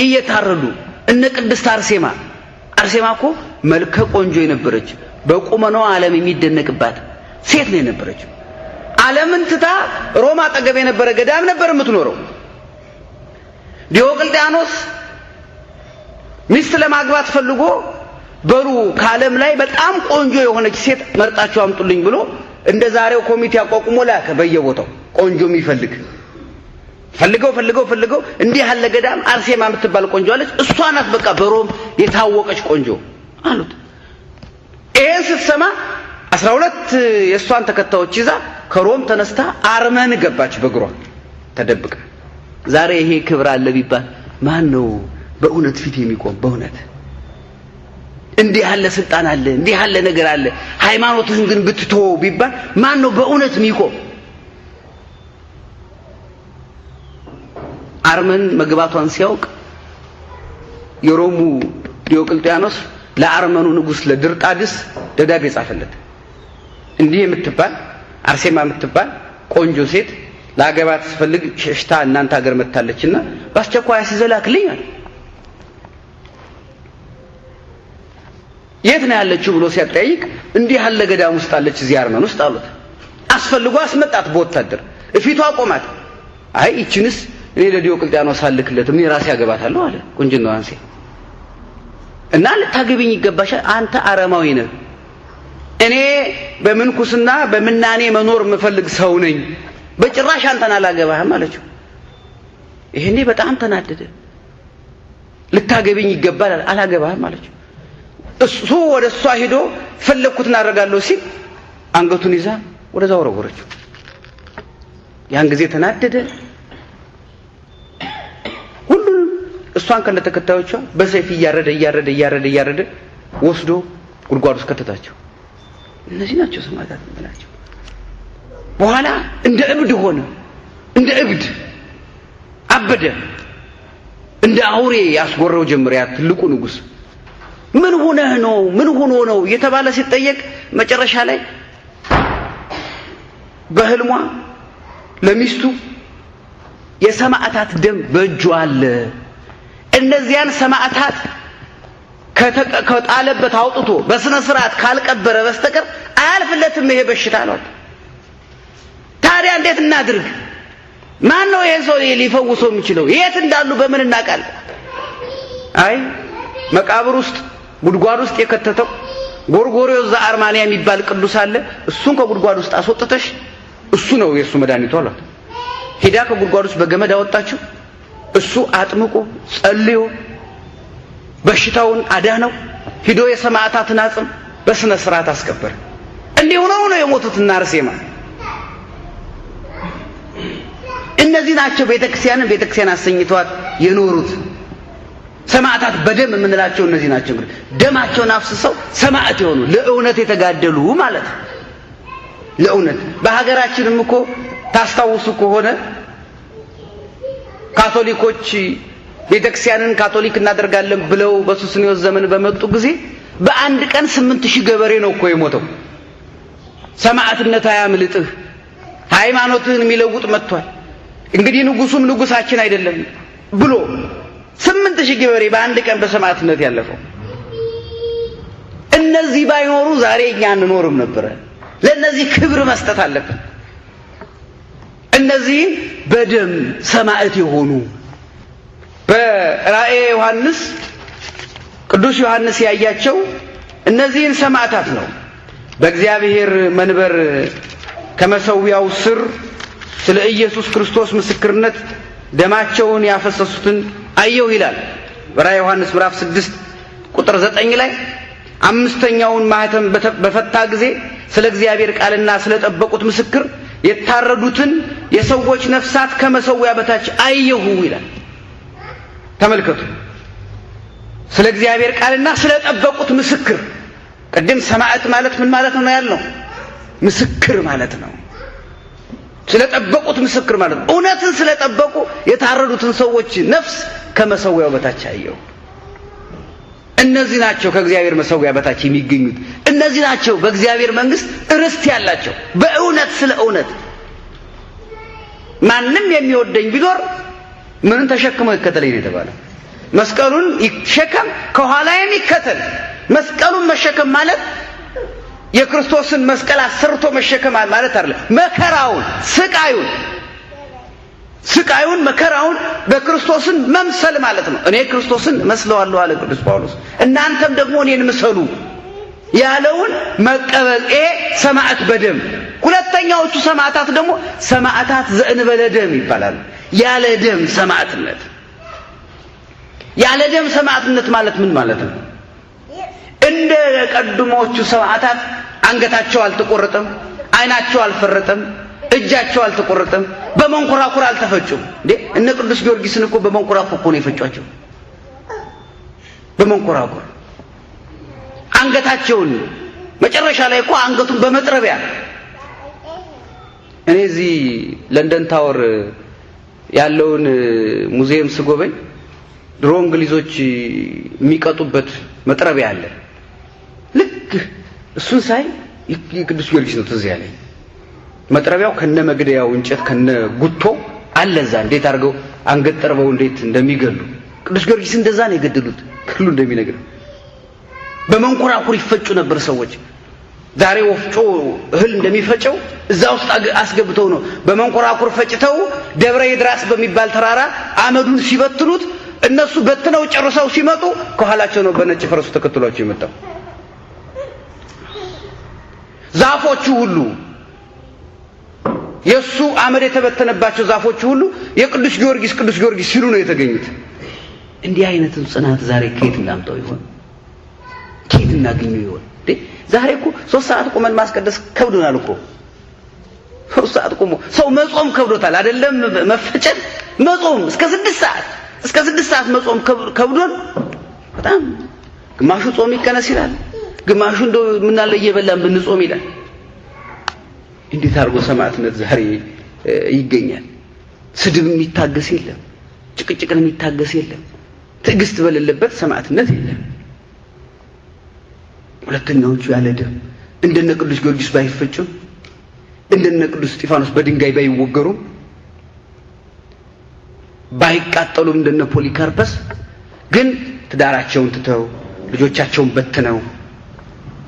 እየታረዱ እነ ቅድስት አርሴማ አርሴማ እኮ መልከ ቆንጆ የነበረች በቁመናዋ ዓለም የሚደነቅባት ሴት ነው የነበረች። ዓለምን ትታ ሮማ አጠገብ የነበረ ገዳም ነበር የምትኖረው። ዲዮቅልጥያኖስ ሚስት ለማግባት ፈልጎ በሉ ከዓለም ላይ በጣም ቆንጆ የሆነች ሴት መርጣችሁ አምጡልኝ ብሎ እንደ ዛሬው ኮሚቴ አቋቁሞ ላከ። በየቦታው ቆንጆ የሚፈልግ ፈልገው ፈልገው ፈልገው እንዲህ ያለ ገዳም አርሴማ የምትባል ቆንጆ አለች። እሷ ናት በቃ በሮም የታወቀች ቆንጆ አሉት። ይሄን ስትሰማ አስራ ሁለት የእሷን ተከታዮች ይዛ ከሮም ተነስታ አርመን ገባች በእግሯ ተደብቀ። ዛሬ ይሄ ክብር አለ ቢባል ማን ነው በእውነት ፊት የሚቆም? በእውነት እንዲህ ያለ ስልጣን አለ፣ እንዲህ ያለ ነገር አለ፣ ሃይማኖትህን ግን ብትቶ ቢባል ማን ነው በእውነት የሚቆም? አርመን መግባቷን ሲያውቅ የሮሙ ዲዮቅልጥያኖስ ለአርመኑ ንጉሥ ለድርጣድስ ደብዳቤ ጻፈለት። እንዲህ የምትባል አርሴማ የምትባል ቆንጆ ሴት ለአገባት ስፈልግ ሸሽታ እናንተ ሀገር መታለችና በአስቸኳይ አስይዘህ አለ። የት ነው ያለችው ብሎ ሲያጠያይቅ እንዲህ ያለ ገዳም ውስጥ አለች እዚህ አርመን ውስጥ አሉት። አስፈልጎ አስመጣት በወታደር እፊቱ አቆማት። አይ ይችንስ እኔ ቅልጥያኖስ አልክለትም እኔ ራሴ ያገባታለሁ አለ። ቁንጅናዋን አንሴ እና ልታገቢኝ ይገባሻል፣ አንተ አረማዊ ነህ። እኔ በምንኩስና በምናኔ መኖር የምፈልግ ሰው ነኝ፣ በጭራሽ አንተን አላገባህም አለችው። ይሄኔ በጣም ተናደደ። ልታገቢኝ ይገባል፣ አላገባህም አለችው። እሱ ወደ እሷ ሂዶ ፈለግኩትን አደርጋለሁ ሲል አንገቱን ይዛ ወደዛ ወረወረችው። ያን ጊዜ ተናደደ። ሁሉንም እሷን ከነ ተከታዮቿ በሰይፍ እያረደ እያረደ እያረደ እያረደ ወስዶ ጉድጓድ ውስጥ ከተታቸው። እነዚህ ናቸው ሰማዕታት የምንላቸው። በኋላ እንደ እብድ ሆነ፣ እንደ እብድ አበደ፣ እንደ አውሬ ያስጎረው ጀምር። ያ ትልቁ ንጉስ ምን ሆነህ ነው ምን ሆኖ ነው የተባለ ሲጠየቅ መጨረሻ ላይ በህልሟ ለሚስቱ የሰማዕታት ደም በእጁ አለ። እነዚያን ሰማዕታት ከጣለበት አውጥቶ በስነ ስርዓት ካልቀበረ በስተቀር አያልፍለትም ይሄ በሽታ ነው። ታዲያ እንዴት እናድርግ? ማን ነው ይሄ ሰው ሊፈውሰው የሚችለው? የት እንዳሉ በምን እናውቃለን? አይ መቃብር ውስጥ ጉድጓድ ውስጥ የከተተው ጎርጎርዮስ ዘአርማንያ የሚባል ቅዱስ አለ። እሱን ከጉድጓድ ውስጥ አስወጥተሽ እሱ ነው የእሱ መድኃኒቱ አሏት። ሂዳ ከጉድጓድ ውስጥ በገመድ አወጣችው። እሱ አጥምቆ ጸልዮ በሽታውን አዳነው። ሂዶ የሰማዕታትን አጽም በስነ ስርዓት አስቀበረ። እንዲህ ሆነው ነው የሞቱት እና አርሴማ። እነዚህ ናቸው ቤተክርስቲያንን ቤተክርስቲያን አሰኝተዋት የኖሩት ሰማዕታት በደም የምንላቸው እነዚህ ናቸው። እንግዲህ ደማቸውን አፍስሰው ሰማዕት የሆኑ ለእውነት የተጋደሉ ማለት ነው። ለእውነት በሀገራችንም እኮ ታስታውሱ ከሆነ ካቶሊኮች ቤተክርስቲያንን ካቶሊክ እናደርጋለን ብለው በሱስንዮስ ዘመን በመጡ ጊዜ በአንድ ቀን ስምንት ሺህ ገበሬ ነው እኮ የሞተው። ሰማዕትነት አያምልጥህ፣ ሃይማኖትህን የሚለውጥ መጥቷል። እንግዲህ ንጉሱም ንጉሳችን አይደለም ብሎ ስምንት ሺህ ገበሬ በአንድ ቀን በሰማዕትነት ያለፈው። እነዚህ ባይኖሩ ዛሬ እኛ አንኖርም ነበረ። ለእነዚህ ክብር መስጠት አለብን። እነዚህ በደም ሰማዕት የሆኑ በራእየ ዮሐንስ ቅዱስ ዮሐንስ ያያቸው እነዚህን ሰማዕታት ነው። በእግዚአብሔር መንበር ከመሰዊያው ስር ስለ ኢየሱስ ክርስቶስ ምስክርነት ደማቸውን ያፈሰሱትን አየሁ ይላል በራእየ ዮሐንስ ምዕራፍ ስድስት ቁጥር ዘጠኝ ላይ አምስተኛውን ማህተም በፈታ ጊዜ ስለ እግዚአብሔር ቃልና ስለጠበቁት ምስክር የታረዱትን የሰዎች ነፍሳት ከመሰዊያ በታች አየሁ ይላል። ተመልከቱ። ስለ እግዚአብሔር ቃልና ስለጠበቁት ምስክር። ቅድም ሰማዕት ማለት ምን ማለት ነው ያልነው? ምስክር ማለት ነው። ስለጠበቁት ምስክር ማለት ነው። እውነትን ስለጠበቁ የታረዱትን ሰዎች ነፍስ ከመሰዊያው በታች አየሁ። እነዚህ ናቸው ከእግዚአብሔር መሰውያ በታች የሚገኙት። እነዚህ ናቸው በእግዚአብሔር መንግስት ርስት ያላቸው በእውነት ስለ እውነት። ማንም የሚወደኝ ቢኖር ምንን ተሸክሞ ይከተለኝ ነው የተባለው። መስቀሉን ይሸከም ከኋላዬም ይከተል። መስቀሉን መሸከም ማለት የክርስቶስን መስቀል አሰርቶ መሸከም ማለት አይደለም። መከራውን፣ ስቃዩን ስቃዩን መከራውን በክርስቶስን መምሰል ማለት ነው። እኔ ክርስቶስን መስለዋለሁ አለ ቅዱስ ጳውሎስ። እናንተም ደግሞ እኔን ምሰሉ ያለውን መቀበል ሰማዕት በደም ሁለተኛዎቹ ሰማዕታት ደግሞ ሰማዕታት ዘእንበለ ደም ይባላሉ። ያለ ደም ሰማዕትነት። ያለ ደም ሰማዕትነት ማለት ምን ማለት ነው? እንደ ቀድሞቹ ሰማዕታት አንገታቸው አልተቆረጠም፣ አይናቸው አልፈረጠም፣ እጃቸው አልተቆረጠም፣ በመንኮራኩር አልተፈጩም እንዴ? እነ ቅዱስ ጊዮርጊስን እኮ በመንኮራኩር እኮ ነው የፈጯቸው። በመንኮራኩር አንገታቸውን መጨረሻ ላይ እኮ አንገቱን በመጥረቢያ እኔ እዚህ ለንደን ታወር ያለውን ሙዚየም ስጎበኝ ድሮ እንግሊዞች የሚቀጡበት መጥረቢያ አለ። ልክ እሱን ሳይ የቅዱስ ጊዮርጊስ ነው ትዝ ያለኝ። መጥረቢያው ከነ መግደያው እንጨት ከነ ጉቶ አለዛ እንዴት አድርገው አንገት ጠርበው እንዴት እንደሚገሉ ቅዱስ ጊዮርጊስ እንደዛ ነው የገደሉት። ክሉ እንደሚነግር በመንኮራኩር ይፈጩ ነበር ሰዎች። ዛሬ ወፍጮ እህል እንደሚፈጨው እዛ ውስጥ አስገብተው ነው በመንኮራኩር ፈጭተው ደብረ የድራስ በሚባል ተራራ አመዱን ሲበትኑት እነሱ በትነው ጨርሰው ሲመጡ ከኋላቸው ነው በነጭ ፈረሱ ተከትሏቸው የመጣው ዛፎቹ ሁሉ የእሱ አመድ የተበተነባቸው ዛፎች ሁሉ የቅዱስ ጊዮርጊስ ቅዱስ ጊዮርጊስ ሲሉ ነው የተገኙት። እንዲህ አይነትን ጽናት ዛሬ ከየት እናምጣው ይሆን? ከየት እናገኘው ይሆን? ዛሬ እኮ ሶስት ሰዓት ቁመን ማስቀደስ ከብዶናል እኮ ሶስት ሰዓት ቁሞ ሰው መጾም ከብዶታል። አይደለም መፈጨት መጾም እስከ ስድስት ሰዓት እስከ ስድስት ሰዓት መጾም ከብዶን በጣም ግማሹ ጾም ይቀነስ ይላል፣ ግማሹ እንደው ምናለ እየበላን ብንጾም ይላል። እንዴት አድርጎ ሰማዕትነት ዛሬ ይገኛል? ስድብ የሚታገስ የለም፣ ጭቅጭቅን የሚታገስ የለም፣ ትዕግስት በሌለበት ሰማዕትነት የለም። ሁለተኛዎቹ ያለ ደም እንደነ ቅዱስ ጊዮርጊስ ባይፈጩም እንደነ ቅዱስ እስጢፋኖስ በድንጋይ ባይወገሩም ባይቃጠሉም እንደነ ፖሊካርፐስ ግን ትዳራቸውን ትተው ልጆቻቸውን በትነው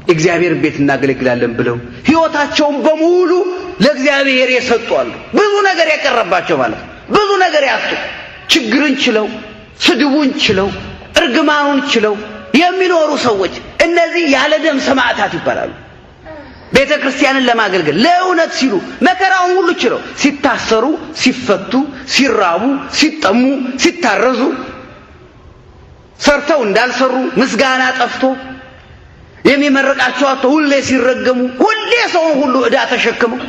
የእግዚአብሔር ቤት እናገለግላለን ብለው ሕይወታቸውን በሙሉ ለእግዚአብሔር የሰጡ አሉ። ብዙ ነገር ያቀረባቸው ማለት ነው። ብዙ ነገር ያጡ፣ ችግርን ችለው፣ ስድቡን ችለው፣ እርግማኑን ችለው የሚኖሩ ሰዎች እነዚህ ያለ ደም ሰማዕታት ይባላሉ። ቤተ ክርስቲያንን ለማገልገል ለእውነት ሲሉ መከራውን ሁሉ ችለው ሲታሰሩ፣ ሲፈቱ፣ ሲራቡ፣ ሲጠሙ፣ ሲታረዙ ሰርተው እንዳልሰሩ ምስጋና ጠፍቶ የሚመርቃቸው አቶ ሁሌ ሲረገሙ፣ ሁሌ ሰውን ሁሉ እዳ ተሸክመው፣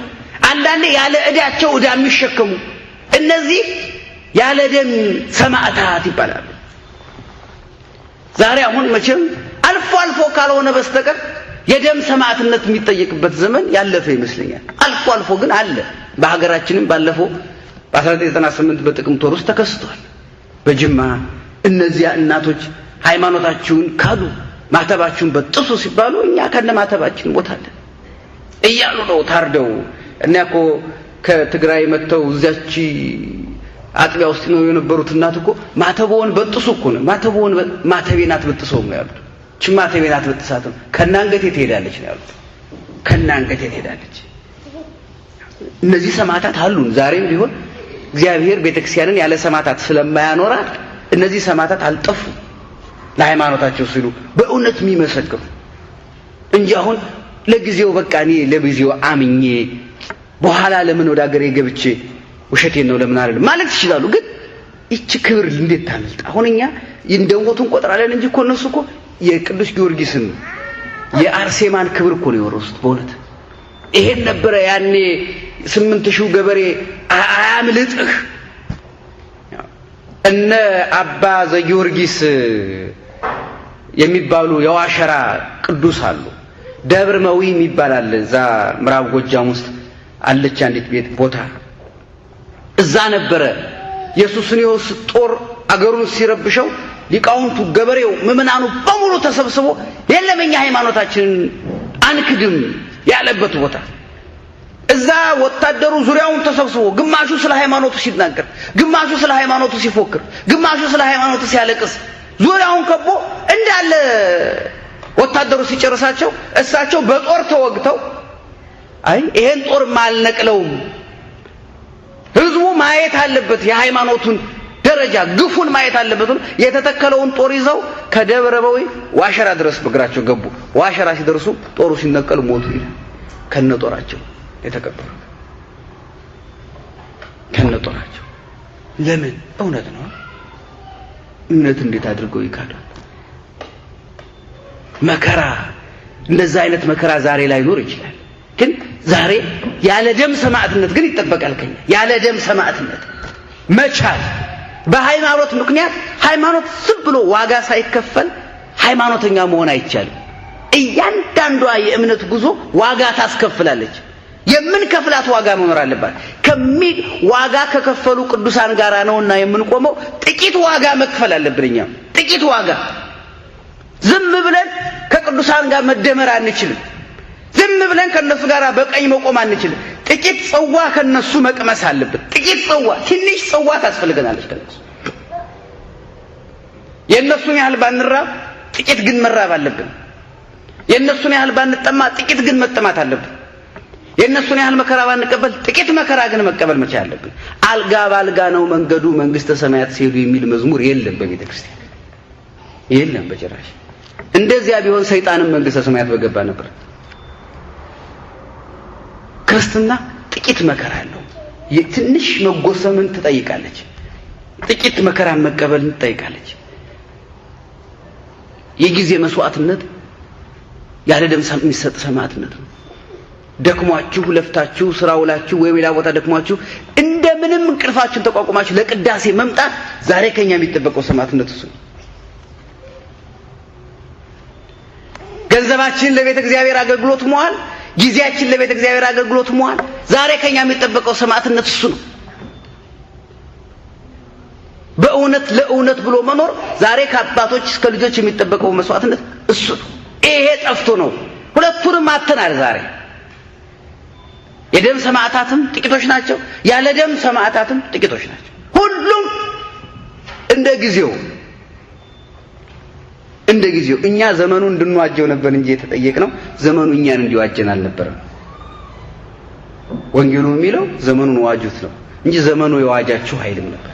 አንዳንዴ ያለ እዳቸው እዳ የሚሸከሙ እነዚህ ያለ ደም ሰማዕታት ይባላሉ። ዛሬ አሁን መቼም አልፎ አልፎ ካልሆነ በስተቀር የደም ሰማዕትነት የሚጠየቅበት ዘመን ያለፈ ይመስለኛል። አልፎ አልፎ ግን አለ። በሀገራችንም ባለፈው በ1998 በጥቅምት ወር ውስጥ ተከስቷል። በጅማ እነዚያ እናቶች ሃይማኖታችሁን ካዱ ማተባችሁን በጥሱ ሲባሉ እኛ ከነ ማተባችን ቦታለን እያሉ ነው ታርደው። እና እኮ ከትግራይ መጥተው እዚያች አጥቢያ ውስጥ ነው የነበሩት እናት እኮ ማተቦን በጥሱ እኮ ነው ማተቦን ማተቤናት አትበጥሰው ነው ያሉት። እቺ ማተቤን አትበጥሳትም ከናንገቴ ትሄዳለች ነው ያሉት። ከናንገቴ ትሄዳለች። እነዚህ ሰማዕታት አሉን ዛሬም ቢሆን እግዚአብሔር ቤተክርስቲያንን ያለ ሰማዕታት ስለማያኖራት እነዚህ ሰማዕታት አልጠፉም። ለሃይማኖታቸው ሲሉ በእውነት የሚመሰክሩ እንጂ አሁን ለጊዜው በቃ እኔ ለጊዜው አምኜ በኋላ ለምን ወደ አገሬ ገብቼ ውሸቴን ነው ለምን አለ ማለት ይችላሉ። ግን ይቺ ክብር እንዴት ታመልጥ? አሁን እኛ እንደሞቱን ቆጥራለን እንጂ እኮ እነሱ እኮ የቅዱስ ጊዮርጊስን የአርሴማን ክብር እኮ ነው የወረሱት። በእውነት ይሄን ነበረ ያኔ ስምንት ሺው ገበሬ አያምልጥህ እነ አባ ዘጊዮርጊስ የሚባሉ የዋሸራ ቅዱስ አሉ። ደብር መዊ የሚባል አለ። እዛ ምዕራብ ጎጃም ውስጥ አለች አንዲት ቤት ቦታ። እዛ ነበረ የሱስንዮስ ጦር አገሩን ሲረብሸው ሊቃውንቱ፣ ገበሬው፣ ምዕመናኑ በሙሉ ተሰብስቦ የለም እኛ ሃይማኖታችንን አንክድም ያለበት ቦታ እዛ ወታደሩ ዙሪያውን ተሰብስቦ ግማሹ ስለ ሃይማኖቱ ሲናገር፣ ግማሹ ስለ ሃይማኖቱ ሲፎክር፣ ግማሹ ስለ ሃይማኖቱ ሲያለቅስ ዙሪያውን ከቦ እንዳለ ወታደሩ ሲጨርሳቸው እሳቸው በጦር ተወግተው አይ ይሄን ጦርማ አልነቅለውም፣ ህዝቡ ማየት አለበት የሃይማኖቱን ደረጃ ግፉን ማየት አለበት የተተከለውን ጦር ይዘው ከደብረ በዊ ዋሸራ ድረስ በእግራቸው ገቡ። ዋሸራ ሲደርሱ ጦሩ ሲነቀል ሞቱ ይላል። ከነ ጦራቸው የተቀበሩት ከነ ጦራቸው ለምን? እውነት ነው። እምነት እንዴት አድርገው ይካዳል? መከራ እንደዛ አይነት መከራ ዛሬ ላይኖር ይችላል። ግን ዛሬ ያለ ደም ሰማዕትነት ግን ይጠበቃል። ከኛ ያለ ደም ሰማዕትነት መቻል በሃይማኖት ምክንያት ሃይማኖት ዝም ብሎ ዋጋ ሳይከፈል ሃይማኖተኛ መሆን አይቻልም። እያንዳንዷ የእምነት ጉዞ ዋጋ ታስከፍላለች። የምንከፍላት ዋጋ መኖር አለባት። ከሚ ዋጋ ከከፈሉ ቅዱሳን ጋር ነውና የምንቆመው ጥቂት ዋጋ መክፈል አለብን። እኛም ጥቂት ዋጋ ዝም ብለን ከቅዱሳን ጋር መደመር አንችልም። ዝም ብለን ከነሱ ጋር በቀኝ መቆም አንችልም። ጥቂት ጽዋ ከነሱ መቅመስ አለብን። ጥቂት ጽዋ፣ ትንሽ ጽዋ ታስፈልገናለች ከነሱ የእነሱን ያህል ባንራብ ጥቂት ግን መራብ አለብን። የእነሱን ያህል ባንጠማ ጥቂት ግን መጠማት አለብን። የእነሱን ያህል መከራ ባንቀበል ጥቂት መከራ ግን መቀበል መቻል አለብን። አልጋ ባልጋ ነው መንገዱ መንግስተ ሰማያት ሲሄዱ የሚል መዝሙር የለም በቤተ ክርስቲያን የለም በጭራሽ። እንደዚያ ቢሆን ሰይጣንም መንግስተ ሰማያት በገባ ነበር። ክርስትና ጥቂት መከራ አለው። ትንሽ መጎሰምን ትጠይቃለች። ጥቂት መከራን መቀበልን ትጠይቃለች። የጊዜ መስዋዕትነት ያለ ደም የሚሰጥ ሰማዕትነት ነው። ደክሟችሁ ለፍታችሁ ስራ ውላችሁ ወይም ሌላ ቦታ ደክሟችሁ እንደ ምንም እንቅልፋችሁን ተቋቁማችሁ ለቅዳሴ መምጣት ዛሬ ከኛ የሚጠበቀው ሰማዕትነት እሱ ነው። ገንዘባችንን ለቤተ እግዚአብሔር አገልግሎት መዋል፣ ጊዜያችን ለቤተ እግዚአብሔር አገልግሎት መዋል ዛሬ ከኛ የሚጠበቀው ሰማዕትነት እሱ ነው። በእውነት ለእውነት ብሎ መኖር ዛሬ ከአባቶች እስከ ልጆች የሚጠበቀው መስዋዕትነት እሱ ነው። ይሄ ጠፍቶ ነው። ሁለቱንም አተናል ዛሬ የደም ሰማዕታትም ጥቂቶች ናቸው፣ ያለ ደም ሰማዕታትም ጥቂቶች ናቸው። ሁሉም እንደ ጊዜው እንደ ጊዜው እኛ ዘመኑ እንድንዋጀው ነበር እንጂ የተጠየቅነው ዘመኑ እኛን እንዲዋጀን አልነበረም። ወንጌሉ የሚለው ዘመኑን ዋጁት ነው እንጂ ዘመኑ የዋጃችሁ አይልም ነበር።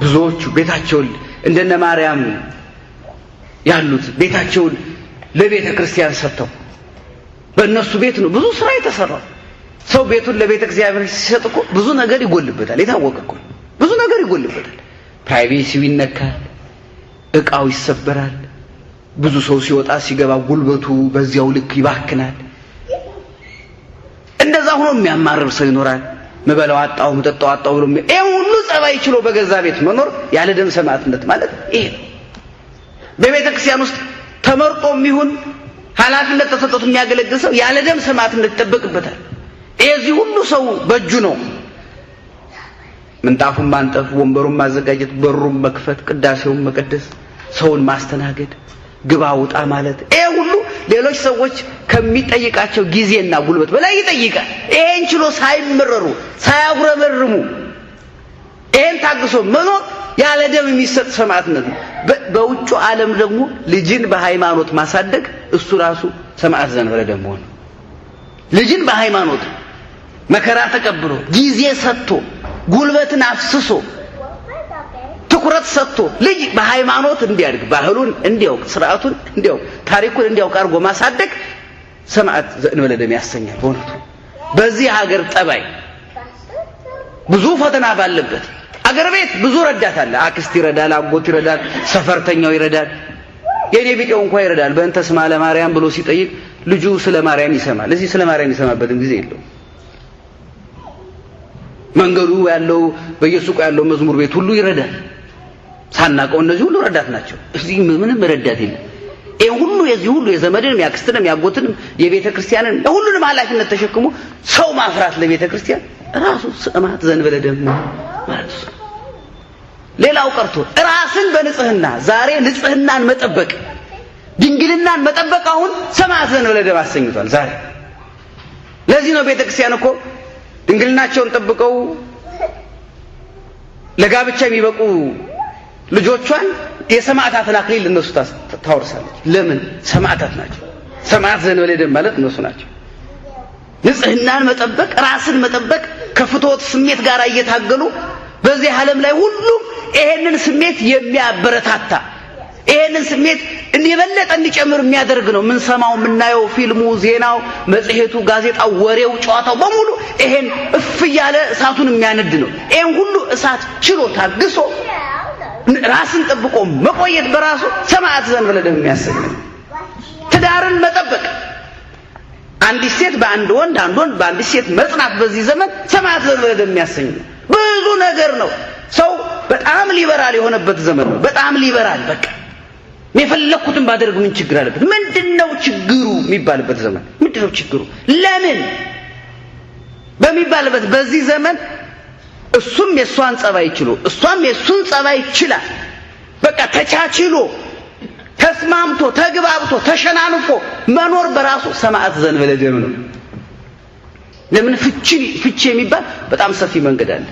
ብዙዎቹ ቤታቸውን እንደነ ማርያም ያሉት ቤታቸውን ለቤተ ክርስቲያን ሰጥተው በእነሱ ቤት ነው ብዙ ስራ የተሰራው። ሰው ቤቱን ለቤተ እግዚአብሔር ሲሰጥ እኮ ብዙ ነገር ይጎልበታል። የታወቀ እኮ ብዙ ነገር ይጎልበታል። ፕራይቬሲው ይነካል፣ እቃው ይሰበራል። ብዙ ሰው ሲወጣ ሲገባ ጉልበቱ በዚያው ልክ ይባክናል። እንደዛ ሆኖ የሚያማርር ሰው ይኖራል። ምበላው አጣው፣ ምጠጣው አጣው ብሎ ይሄ ሁሉ ጸባይ ችሎ በገዛ ቤት መኖር ያለ ደም ሰማዕትነት ማለት ይሄ ነው። በቤተ ክርስቲያን ውስጥ ተመርጦ ይሁን ኃላፊነት ተሰጥቶት የሚያገለግል ሰው ያለ ደም ሰማዕትነት ይጠበቅበታል። ይህ ሁሉ ሰው በእጁ ነው። ምንጣፉን ማንጠፍ፣ ወንበሩን ማዘጋጀት፣ በሩን መክፈት፣ ቅዳሴውን መቀደስ፣ ሰውን ማስተናገድ፣ ግባ ውጣ ማለት ይሄ ሁሉ ሌሎች ሰዎች ከሚጠይቃቸው ጊዜና ጉልበት በላይ ይጠይቃል። ይሄን ችሎ ሳይመረሩ ሳያጉረመርሙ ይሄን ታግሶ መኖር ያለ ደም የሚሰጥ ሰማዕትነት ነው። በውጩ ዓለም ደግሞ ልጅን በሃይማኖት ማሳደግ እሱ ራሱ ሰማዕት ዘንበለ ደም ሆነ። ልጅን በሃይማኖት መከራ ተቀብሎ ጊዜ ሰጥቶ ጉልበትን አፍስሶ ትኩረት ሰጥቶ ልጅ በሃይማኖት እንዲያድግ ባህሉን እንዲያውቅ ስርዓቱን እንዲያውቅ ታሪኩን እንዲያውቅ አድርጎ ማሳደግ ሰማዕት ዘእንበለ ደም ያሰኛል። በእውነቱ በዚህ ሀገር ጠባይ ብዙ ፈተና ባለበት አገር ቤት ብዙ ረዳት አለ። አክስት ይረዳል፣ አጎት ይረዳል፣ ሰፈርተኛው ይረዳል፣ የኔ ቢጤው እንኳ ይረዳል። በእንተ ስማ ለማርያም ብሎ ሲጠይቅ ልጁ ስለ ማርያም ይሰማል። እዚህ ስለ ማርያም ይሰማበትም ጊዜ የለው። መንገዱ ያለው በየሱቁ ያለው መዝሙር ቤት ሁሉ ይረዳል። ሳናቀው እነዚህ ሁሉ ረዳት ናቸው። እዚህ ምንም ረዳት የለም። ይሄ ሁሉ የዚህ ሁሉ የዘመድንም ያክስትንም ያጎትንም የቤተ ክርስቲያንን የሁሉንም ኃላፊነት ተሸክሞ ሰው ማፍራት ለቤተ ክርስቲያን ራሱ ስማት ዘንበለ ደም ማለት ነው። ሌላው ቀርቶ ራስን በንጽህና ዛሬ ንጽህናን መጠበቅ ድንግልናን መጠበቅ አሁን ሰማዕት ነው ብለህ አሰኝቷል። ዛሬ ለዚህ ነው ቤተክርስቲያን እኮ ድንግልናቸውን ጠብቀው ለጋብቻ የሚበቁ ልጆቿን የሰማዕታትን አክሊል እነሱ ታወርሳለች። ለምን? ሰማዕታት ናቸው። ሰማዕት ዘን ደም ማለት እነሱ ናቸው። ንጽህናን መጠበቅ፣ ራስን መጠበቅ ከፍትወት ስሜት ጋር እየታገሉ በዚህ ዓለም ላይ ሁሉም ይሄንን ስሜት የሚያበረታታ ይሄንን ስሜት የበለጠ እንዲጨምር የሚያደርግ ነው። የምንሰማው፣ የምናየው፣ ፊልሙ፣ ዜናው፣ መጽሔቱ፣ ጋዜጣው፣ ወሬው፣ ጨዋታው በሙሉ ይሄን እፍ እያለ እሳቱን የሚያነድ ነው። ይሄን ሁሉ እሳት ችሎ ታግሶ ራስን ጠብቆ መቆየት በራሱ ሰማዕት ብለ ብለህ የሚያሰኝ ትዳርን መጠበቅ አንዲት ሴት በአንድ ወንድ፣ አንድ ወንድ በአንዲት ሴት መጽናት በዚህ ዘመን ሰማዕት ብለ ብለህ የሚያሰኝ ነው። ብዙ ነገር ነው። ሰው በጣም ሊበራል የሆነበት ዘመን ነው። በጣም ሊበራል በቃ የፈለግኩትን ባደርግ ምን ችግር አለበት? ምንድነው ችግሩ የሚባልበት ዘመን ምንድነው ችግሩ ለምን በሚባልበት በዚህ ዘመን እሱም የእሷን ጸባይ ችሎ እሷም የእሱን ጸባይ ይችላል። በቃ ተቻችሎ ተስማምቶ ተግባብቶ ተሸናንፎ መኖር በራሱ ሰማዕት ዘንበለ ደም ነው። ለምን ፍቺ ፍቺ የሚባል በጣም ሰፊ መንገድ አለ።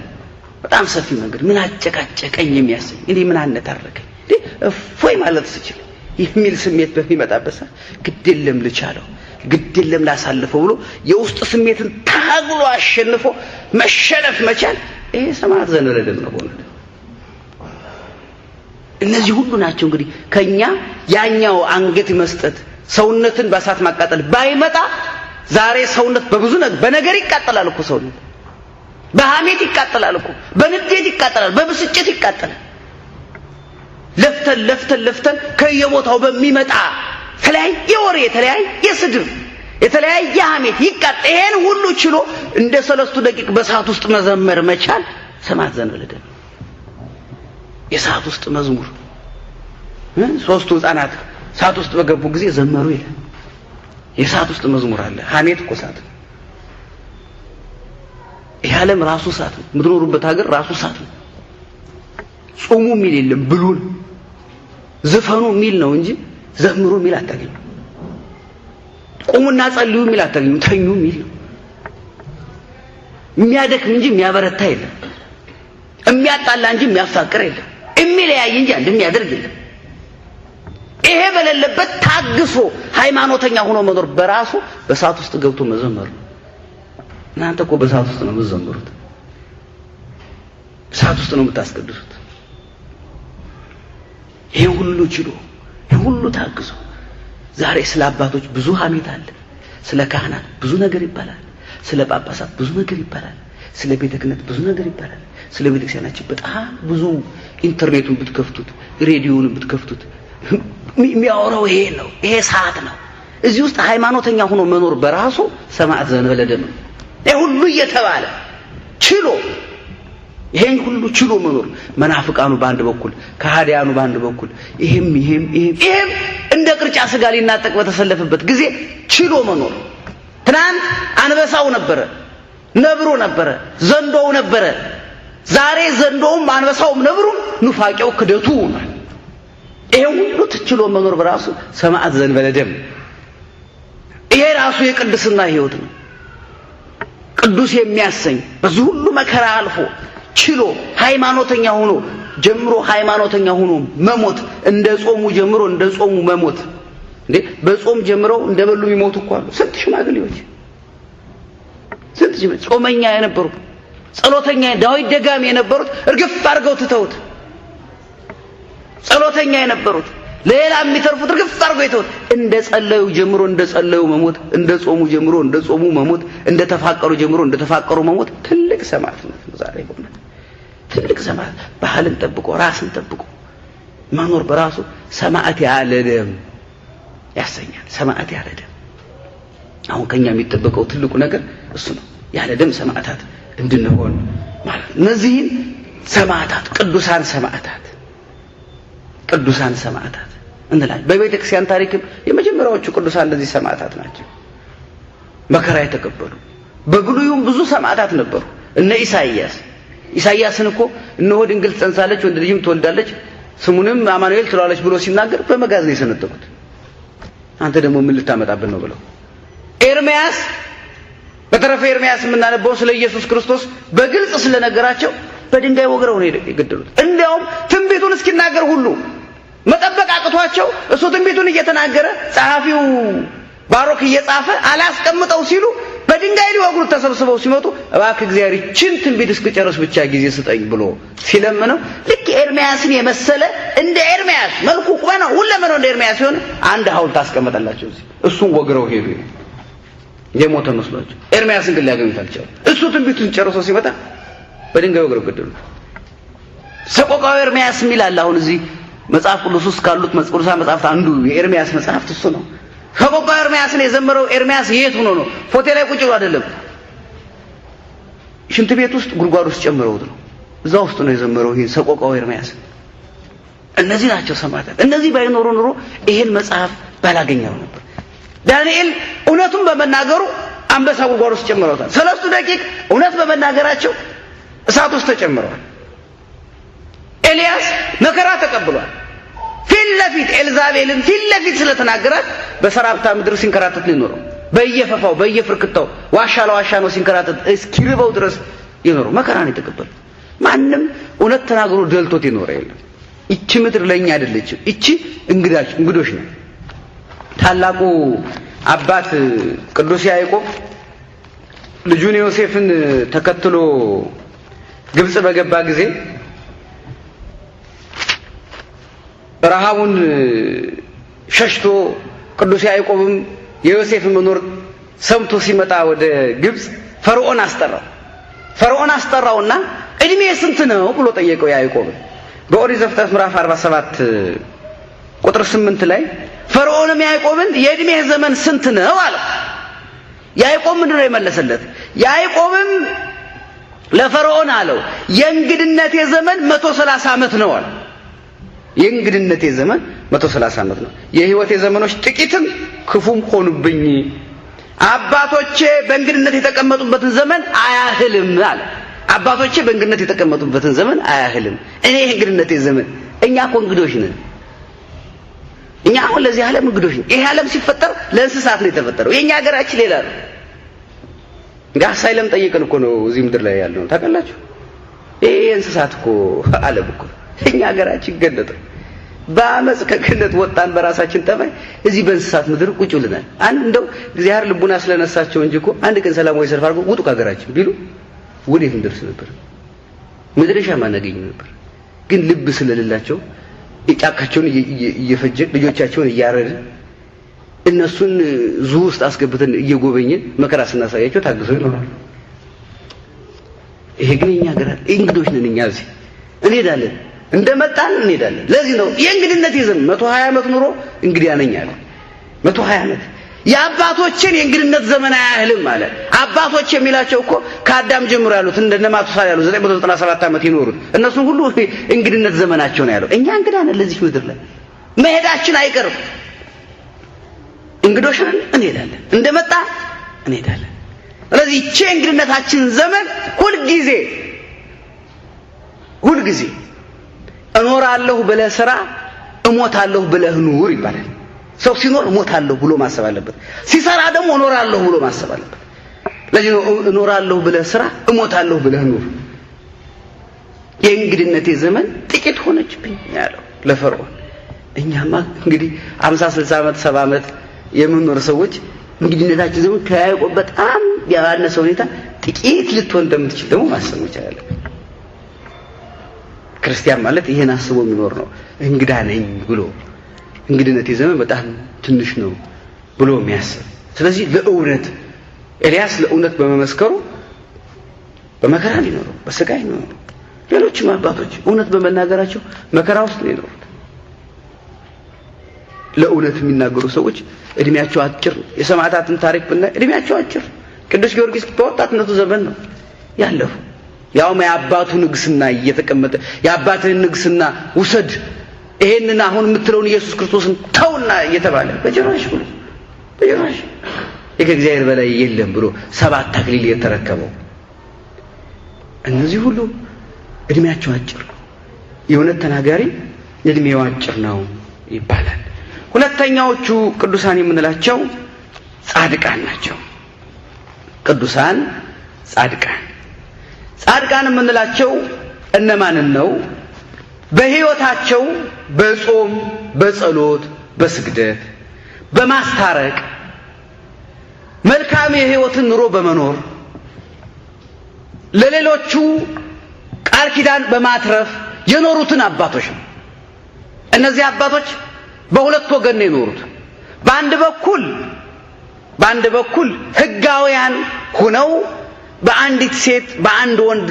በጣም ሰፊ መንገድ ምን አጨቃጨቀኝ የሚያሰኝ እኔ ምን አነታረከኝ እንዴ እፎይ ማለት ስችል የሚል ስሜት በሚመጣበት ሰዓት ግድ የለም ልቻለው፣ ግድ የለም ላሳልፈው ብሎ የውስጥ ስሜትን ታግሎ አሸንፎ መሸነፍ መቻል ይሄ ሰማዕት ዘንበለድን ነው። ሆነ እነዚህ ሁሉ ናቸው እንግዲህ ከኛ ያኛው አንገት መስጠት ሰውነትን በእሳት ማቃጠል ባይመጣ ዛሬ ሰውነት በብዙ ነገር በነገር ይቃጠላል እኮ ሰውነት፣ በሐሜት ይቃጠላል እኮ፣ በንዴት ይቃጠላል፣ በብስጭት ይቃጠላል። ለፍተን ለፍተን ለፍተን ከየቦታው በሚመጣ የተለያየ ወሬ፣ የተለያየ ስድብ፣ የተለያየ ሐሜት ይቃጠ ይሄን ሁሉ ችሎ እንደ ሰለስቱ ደቂቅ በሰዓት ውስጥ መዘመር መቻል ሰማት ብለደን የሰዓት ውስጥ መዝሙር ሶስቱ ህፃናት ሰዓት ውስጥ በገቡ ጊዜ ዘመሩ ይላል። የእሳት ውስጥ መዝሙር አለ። ሀሜት እኮ እሳት ነው። ይህ ዓለም ራሱ እሳት ነው። የምትኖሩበት ሀገር ራሱ እሳት ነው። ጾሙ የሚል የለም ብሉን ዝፈኑ የሚል ነው እንጂ ዘምሩ የሚል አታገኙ። ቁሙና ጸልዩ የሚል አታገኙ። ተኙ የሚል ነው። የሚያደክም እንጂ የሚያበረታ የለም። የሚያጣላ እንጂ የሚያፋቅር የለም። የሚለያይ እንጂ አንድ የሚያደርግ የለም። ይሄ በሌለበት ታግሶ ሃይማኖተኛ ሆኖ መኖር በራሱ በእሳት ውስጥ ገብቶ መዘመር ነው። እናንተ እኮ በእሳት ውስጥ ነው የምትዘምሩት፣ እሳት ውስጥ ነው የምታስቀድሱት። ይሄ ሁሉ ችሎ ይሄ ሁሉ ታግሶ ዛሬ ስለ አባቶች ብዙ ሀሜት አለ። ስለ ካህናት ብዙ ነገር ይባላል። ስለ ጳጳሳት ብዙ ነገር ይባላል። ስለ ቤተ ክህነት ብዙ ነገር ይባላል። ስለ ቤተክርስቲያናችን በጣም ብዙ ኢንተርኔቱን ብትከፍቱት ሬዲዮውን ብትከፍቱት የሚያወራው ይሄ ነው። ይሄ ሰዓት ነው። እዚህ ውስጥ ሃይማኖተኛ ሆኖ መኖር በራሱ ሰማዕት ዘንበለ ነው። ይሄ ሁሉ እየተባለ ችሎ ይሄን ሁሉ ችሎ መኖር መናፍቃኑ በአንድ በኩል ከሃዲያኑ በአንድ በኩል ይሄም ይሄም ይሄም ይሄም እንደ ቅርጫ ስጋ ሊናጠቅ በተሰለፈበት ጊዜ ችሎ መኖር። ትናንት አንበሳው ነበረ፣ ነብሮ ነበረ፣ ዘንዶው ነበረ። ዛሬ ዘንዶውም አንበሳውም ነብሩም ኑፋቄው ክደቱ ነው። ይሄ ሁሉ ትችሎ መኖር በራሱ ሰማዕት ዘንበለ ደም። ይሄ ራሱ የቅድስና ህይወት ነው። ቅዱስ የሚያሰኝ በዚህ ሁሉ መከራ አልፎ ችሎ ሃይማኖተኛ ሆኖ ጀምሮ ሃይማኖተኛ ሆኖ መሞት እንደ ጾሙ ጀምሮ እንደ ጾሙ መሞት እንዴ! በጾም ጀምረው እንደበሉ የሚሞቱ እኮ አሉ። ስንት ሽማግሌዎች፣ ስንት ጾመኛ የነበሩ ጸሎተኛ፣ ዳዊት ደጋሚ የነበሩት እርግፍ አድርገው ትተውት ጸሎተኛ የነበሩት ሌላ የሚተርፉት ርግፍ አድርጎ የተውት እንደ ጸለዩ ጀምሮ እንደ ጸለዩ መሞት፣ እንደ ጾሙ ጀምሮ እንደ ጾሙ መሞት፣ እንደ ተፋቀሩ ጀምሮ እንደ ተፋቀሩ መሞት ትልቅ ሰማዕትነት ነው። ዛሬ በእውነት ትልቅ ሰማዕት ባህልን ጠብቆ ራስን ጠብቆ መኖር በራሱ ሰማዕት ያለ ደም ያሰኛል። ሰማዕት ያለ ደም አሁን ከኛ የሚጠበቀው ትልቁ ነገር እሱ ነው። ያለ ደም ሰማዕታት እንድንሆን ማለት እነዚህን ሰማዕታት ቅዱሳን ሰማዕታት ቅዱሳን ሰማዕታት እንላለን። በቤተ ክርስቲያን ታሪክም የመጀመሪያዎቹ ቅዱሳን እንደዚህ ሰማዕታት ናቸው፣ መከራ የተቀበሉ። በግሉዩም ብዙ ሰማዕታት ነበሩ። እነ ኢሳይያስ ኢሳይያስን እኮ እነሆ ድንግል ትጸንሳለች ወንድ ልጅም ትወልዳለች ስሙንም አማኑኤል ትለዋለች ብሎ ሲናገር በመጋዝ ነው የሰነጠቁት። አንተ ደግሞ ምን ልታመጣብን ነው ብለው ኤርሚያስ በተረፈ ኤርሚያስ የምናነበው ስለ ኢየሱስ ክርስቶስ በግልጽ ስለነገራቸው በድንጋይ ወግረው ነው የገደሉት። እንዲያውም ትንቢቱን እስኪናገር ሁሉ መጠበቅ አቅቷቸው እሱ ትንቢቱን እየተናገረ ጸሐፊው ባሮክ እየጻፈ አላስቀምጠው ሲሉ በድንጋይ ሊወግሩት ተሰብስበው ሲመጡ እባክህ እግዚአብሔር ይችን ትንቢት እስክጨርስ ብቻ ጊዜ ስጠኝ ብሎ ሲለምነው ልክ ኤርሚያስን የመሰለ እንደ ኤርሚያስ መልኩ ቁመናው ሁለመናው እንደ ኤርሚያስ ሲሆን አንድ ሐውልት አስቀመጠላቸው። እሱን ወግረው ሄዱ። የሞተ መስሏቸው ኤርሚያስን ግን ሊያገኙት አልቻሉ። እሱ ትንቢቱን ጨርሶ ሲመጣ በድንጋይ ወግረው ገደሉት። ሰቆቃዊ ኤርሚያስ የሚላል አሁን እዚህ መጽሐፍ ቅዱስ ውስጥ ካሉት ቅዱሳን መጽሐፍት አንዱ የኤርሚያስ መጽሐፍት እሱ ነው። ሰቆቃዊ ኤርሚያስን የዘመረው ኤርሚያስ የት ሆኖ ነው? ፎቴ ላይ ቁጭ ብሎ አይደለም። ሽንት ቤት ውስጥ ጉድጓድ ውስጥ ጨምረውት ነው። እዛ ውስጥ ነው የዘመረው ይሄ ሰቆቃዊ ኤርሚያስ። እነዚህ ናቸው ሰማዕታት። እነዚህ ባይኖሩ ኑሮ ይሄን መጽሐፍ ባላገኘው ነበር። ዳንኤል እውነቱን በመናገሩ አንበሳ ጉድጓድ ውስጥ ጨምረውታል። ሰለስቱ ደቂቅ እውነት በመናገራቸው እሳት ውስጥ ተጨምረዋል። ኤልያስ መከራ ተቀብሏል። ፊት ለፊት ኤልዛቤልን ፊት ለፊት ስለተናገራት በሰራብታ ምድር ሲንከራተት ነው በየፈፋው በየፍርክታው ዋሻ ለዋሻ ነው ሲንከራተት እስኪርበው ድረስ ይኖሩ መከራ ነው ማንም እውነት ተናግሮ ደልቶት ይኖረ የለም። ይቺ ምድር ለእኛ አይደለችም። ይቺ እንግዳች እንግዶች ነው። ታላቁ አባት ቅዱስ ያዕቆብ ልጁን ዮሴፍን ተከትሎ ግብጽ በገባ ጊዜ ረሃቡን ሸሽቶ ቅዱስ ያዕቆብም የዮሴፍ መኖር ሰምቶ ሲመጣ ወደ ግብፅ ፈርዖን አስጠራው። ፈርዖን አስጠራውና እድሜ ስንት ነው ብሎ ጠየቀው ያዕቆብን። በኦሪት ዘፍጥረት ምዕራፍ 47 ቁጥር 8 ላይ ፈርዖንም ያዕቆብን የእድሜ ዘመን ስንት ነው አለው። ያዕቆብ ምንድነው የመለሰለት? ያዕቆብም ለፈርዖን አለው የእንግድነቴ ዘመን መቶ ሰላሳ ዓመት ነው አለ። የእንግድነቴ ዘመን መቶ ሰላሳ ዓመት ነው። የሕይወቴ ዘመኖች ጥቂትም ክፉም ሆኑብኝ። አባቶቼ በእንግድነት የተቀመጡበትን ዘመን አያህልም አለ። አባቶቼ በእንግድነት የተቀመጡበትን ዘመን አያህልም። እኔ የእንግድነቴ ዘመን እኛ እኮ እንግዶች ነን። እኛ አሁን ለዚህ ዓለም እንግዶች ነን። ይሄ ዓለም ሲፈጠር ለእንስሳት ነው የተፈጠረው። የእኛ ሀገራችን ሌላ ነው። እንግዲህ አሳይለም ጠይቀን እኮ ነው እዚህ ምድር ላይ ያለው ታውቃላችሁ። ይሄ እንስሳት እኮ አለም እኮ እኛ ሀገራችን ገነጥ በአመፅ ከገነት ወጣን በራሳችን ጠባይ እዚህ በእንስሳት ምድር ቁጭ ብለናል። አንድ እንደው እግዚአብሔር ልቡና ስለነሳቸው እንጂ እኮ አንድ ቀን ሰላማዊ ሰልፍ አድርገው ውጡ ከሀገራችን ቢሉ ወዴት እንደርስ ነበር? መድረሻ ማናገኝ ነበር። ግን ልብ ስለሌላቸው ጫካቸውን እየፈጀን ልጆቻቸውን እያረድን እነሱን ዙ ውስጥ አስገብተን እየጎበኘን መከራ ስናሳያቸው ታግሰው ይኖራል። ይሄ ግን የኛ ሀገር እንግዶች ነን። እኛ እዚህ እንሄዳለን፣ እንደመጣን እንሄዳለን። ለዚህ ነው የእንግድነት ይዘን መቶ ሀያ ዓመት ኑሮ እንግዲህ ያነኛል አለ። መቶ ሀያ ዓመት የአባቶችን የእንግድነት ዘመን አያህልም አለ። አባቶች የሚላቸው እኮ ከአዳም ጀምሮ ያሉት እንደነ ማቱሳላ ያሉት 997 ዓመት ይኖሩት እነሱን ሁሉ እንግድነት ዘመናቸው ነው ያለው። እኛ እንግዳ ነን ለዚህ ምድር ላይ መሄዳችን አይቀርም። እንግዶሽን እንሄዳለን፣ እንደመጣ እንሄዳለን። ስለዚህ ቼ እንግድነታችን ዘመን ሁልጊዜ ሁልጊዜ እኖራለሁ ብለህ ስራ፣ እሞታለሁ ብለህ ኑር ይባላል። ሰው ሲኖር እሞታለሁ ብሎ ማሰብ አለበት። ሲሰራ ደግሞ እኖራለሁ ብሎ ማሰብ አለበት። ለዚህ እኖራለሁ ብለህ ስራ፣ እሞታለሁ ብለህ ኑር። የእንግድነቴ ዘመን ጥቂት ሆነችብኝ ያለው ለፈርዖን። እኛማ እንግዲህ 50 60 ዓመት ሰባ ዓመት የምንኖር ሰዎች እንግድነታችን ዘመን ከያዕቆብ በጣም ያነሰ ሁኔታ ጥቂት ልትሆን እንደምትችል ደግሞ ማሰብ መቻል ክርስቲያን ማለት ይሄን አስቦ የሚኖር ነው። እንግዳ ነኝ ብሎ እንግድነት ዘመን በጣም ትንሽ ነው ብሎ የሚያስብ ስለዚህ ለእውነት ኤልያስ ለእውነት በመመስከሩ በመከራ ሊኖረው በስቃይ ሊኖረው ሌሎችም አባቶች እውነት በመናገራቸው መከራ ውስጥ ለእውነት የሚናገሩ ሰዎች እድሜያቸው አጭር ነው። የሰማዕታትን ታሪክ ብናይ እድሜያቸው አጭር፣ ቅዱስ ጊዮርጊስ በወጣትነቱ ዘመን ነው ያለፉ። ያውም የአባቱ ንግስና እየተቀመጠ የአባትህን ንግስና ውሰድ ይሄንን አሁን የምትለውን ኢየሱስ ክርስቶስን ተውና እየተባለ በጀራሽ ብሎ በጀራሽ ከእግዚአብሔር በላይ የለም ብሎ ሰባት አክሊል የተረከበው እነዚህ ሁሉ እድሜያቸው አጭር ነው። የእውነት ተናጋሪ እድሜው አጭር ነው ይባላል። ሁለተኛዎቹ ቅዱሳን የምንላቸው ጻድቃን ናቸው። ቅዱሳን ጻድቃን ጻድቃን የምንላቸው እነማንን ነው? በህይወታቸው በጾም በጸሎት በስግደት በማስታረቅ መልካም የህይወትን ኑሮ በመኖር ለሌሎቹ ቃል ኪዳን በማትረፍ የኖሩትን አባቶች ነው። እነዚህ አባቶች በሁለት ወገን ነው የኖሩት። በአንድ በኩል በአንድ በኩል ህጋውያን ሁነው በአንዲት ሴት በአንድ ወንድ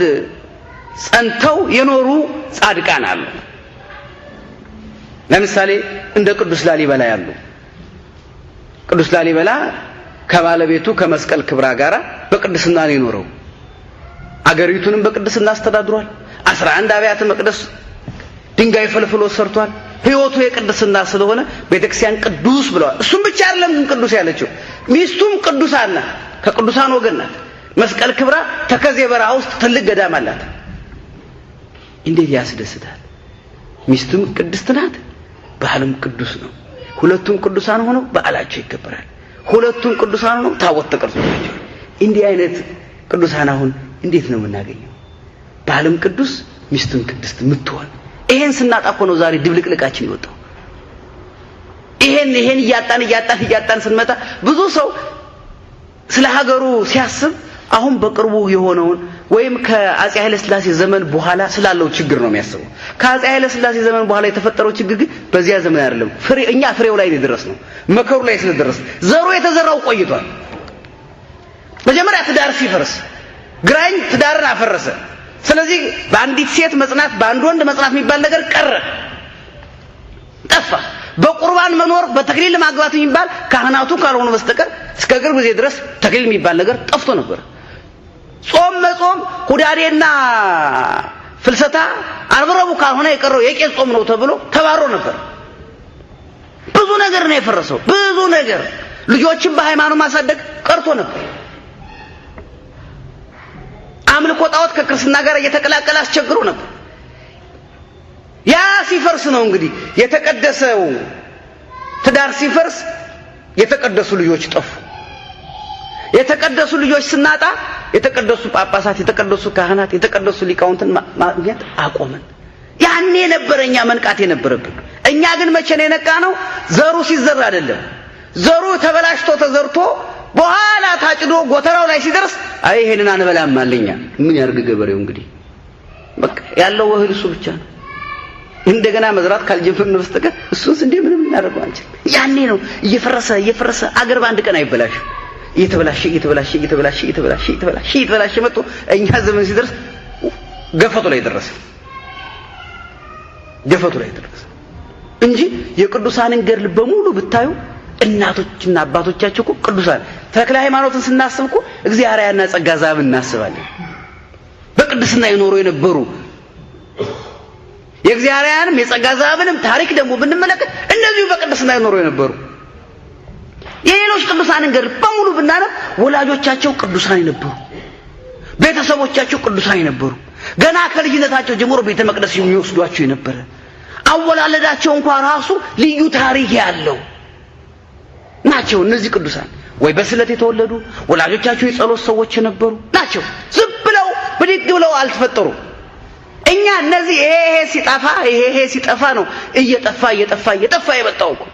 ጸንተው የኖሩ ጻድቃን አሉ። ለምሳሌ እንደ ቅዱስ ላሊበላ ያሉ ቅዱስ ላሊበላ ከባለቤቱ ከመስቀል ክብራ ጋር በቅድስና ነው የኖረው። አገሪቱንም በቅድስና አስተዳድሯል። አስራ አንድ አብያተ መቅደስ ድንጋይ ፈልፍሎ ሰርቷል። ህይወቱ የቅድስና ስለሆነ ቤተክርስቲያን ቅዱስ ብለዋል። እሱም ብቻ አይደለም ቅዱስ ያለችው ሚስቱም ቅዱሳን ናት፣ ከቅዱሳን ወገን ናት። መስቀል ክብራ ተከዜ በረሃ ውስጥ ትልቅ ገዳም አላት። እንዴት ያስደስታል! ሚስቱም ቅድስት ናት፣ ባህልም ቅዱስ ነው። ሁለቱም ቅዱሳን ሆነው በዓላቸው ይከበራል። ሁለቱም ቅዱሳን ሆነው ታቦት ተቀርጾ ናቸው። እንዲህ አይነት ቅዱሳን አሁን እንዴት ነው የምናገኘው? ባህልም ቅዱስ ሚስቱም ቅድስት የምትሆን ይሄን ስናጣ እኮ ነው ዛሬ ድብልቅልቃችን ይወጣው ይሄን ይሄን እያጣን እያጣን እያጣን ስንመጣ ብዙ ሰው ስለ ሀገሩ ሲያስብ አሁን በቅርቡ የሆነውን ወይም ከአጼ ኃይለ ሥላሴ ዘመን በኋላ ስላለው ችግር ነው የሚያስበው። ከአጼ ኃይለ ሥላሴ ዘመን በኋላ የተፈጠረው ችግር ግን በዚያ ዘመን አይደለም። ፍሬ እኛ ፍሬው ላይ ድረስ ነው መከሩ ላይ ስለደረስ ዘሩ የተዘራው ቆይቷል። መጀመሪያ ትዳር ሲፈርስ ግራኝ ትዳርን አፈረሰ። ስለዚህ በአንዲት ሴት መጽናት በአንድ ወንድ መጽናት የሚባል ነገር ቀረ፣ ጠፋ። በቁርባን መኖር በተክሊል ማግባት የሚባል ካህናቱ ካልሆኑ በስተቀር እስከ ቅርብ ጊዜ ድረስ ተክሊል የሚባል ነገር ጠፍቶ ነበር። ጾም መጾም ሁዳዴና ፍልሰታ አርብረቡ ካልሆነ የቀረው የቄስ ጾም ነው ተብሎ ተባሮ ነበር። ብዙ ነገር ነው የፈረሰው። ብዙ ነገር ልጆችን በሃይማኖት ማሳደግ ቀርቶ ነበር። አምልኮ ጣዖት ከክርስትና ጋር እየተቀላቀለ አስቸግሮ ነበር። ያ ሲፈርስ ነው እንግዲህ የተቀደሰው ትዳር ሲፈርስ የተቀደሱ ልጆች ጠፉ። የተቀደሱ ልጆች ስናጣ የተቀደሱ ጳጳሳት፣ የተቀደሱ ካህናት፣ የተቀደሱ ሊቃውንትን ማግኘት አቆምን። ያኔ የነበረ እኛ መንቃት የነበረብን። እኛ ግን መቼ ነው የነቃ ነው? ዘሩ ሲዘራ አይደለም። ዘሩ ተበላሽቶ ተዘርቶ በኋላ ታጭዶ ጎተራው ላይ ሲደርስ አይ ይሄንን አንበላም አለኛ። ምን ያርግ ገበሬው እንግዲህ በቃ ያለው እህል እሱ ብቻ ነው። እንደገና መዝራት ካልጀመርን በስተቀር እሱን ስንዴ ምንም እናደርገው አንችል። ያኔ ነው እየፈረሰ እየፈረሰ አገር በአንድ ቀን አይበላሽም። እየተበላሸ እየተበላሸ እየተበላሸ እየተበላሸ እየተበላሸ እየተበላሸ መጥቶ እኛ ዘመን ሲደርስ ገፈቱ ላይ ደረሰ፣ ገፈቱ ላይ ደረሰ እንጂ የቅዱሳንን ገድል በሙሉ ብታዩ እናቶችና አባቶቻቸው እኮ ቅዱሳን ተክለ ሃይማኖትን ስናስብ እኮ ያና ጸጋ ዛብ እናስባለን። በቅድስና ይኖሩ የነበሩ የእግዚአብሔርንም የጸጋ ዛብንም ታሪክ ደግሞ ብንመለከት እነዚሁ በቅድስና ይኖሩ የነበሩ የሌሎች ቅዱሳንን ገድል በሙሉ ብናነብ ወላጆቻቸው ቅዱሳን የነበሩ ቤተሰቦቻቸው ቅዱሳን የነበሩ ገና ከልጅነታቸው ጀምሮ ቤተ መቅደስ የሚወስዷቸው የነበረ አወላለዳቸው እንኳን ራሱ ልዩ ታሪክ ያለው ናቸው። እነዚህ ቅዱሳን ወይ በስለት የተወለዱ ወላጆቻቸው የጸሎት ሰዎች የነበሩ ናቸው። ዝም ብለው ብድግ ብለው አልተፈጠሩም። እኛ እነዚህ ይሄ ይሄ ሲጠፋ ይሄ ይሄ ሲጠፋ ነው እየጠፋ እየጠፋ እየጠፋ የመጣው እኮ።